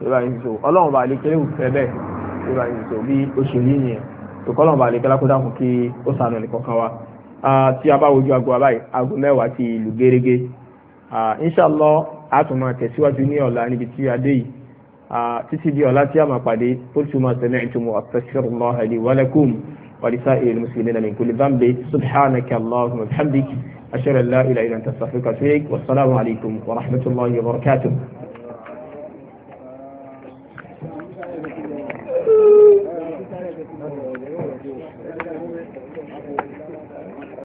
yẹ báyìí so ọlọ́run bá lè kéré òfẹ́ bẹ́ẹ̀ ìwà ìṣò bí oṣù yìí yẹn tòkọ́lọ̀ bá lè kẹ́lákó dáhùn kí ó sànù ẹnìkọ̀ọ̀kan wa tí a bá wojú aago abáyé aago mẹ́wàá ti ìlú gérégé inṣàlọ́ a tún máa tẹ̀síwájú ní ọ̀la níbi tí a dé yìí títí di ọ̀la tí a máa pàdé qultuma sami'tum wa astaghfirullaha li wa lakum wa lisa'iril muslimina min kulli dhanbin subhanaka allahumma wa bihamdik wa atubu ilaik wa rahmatullahi wa barakatuh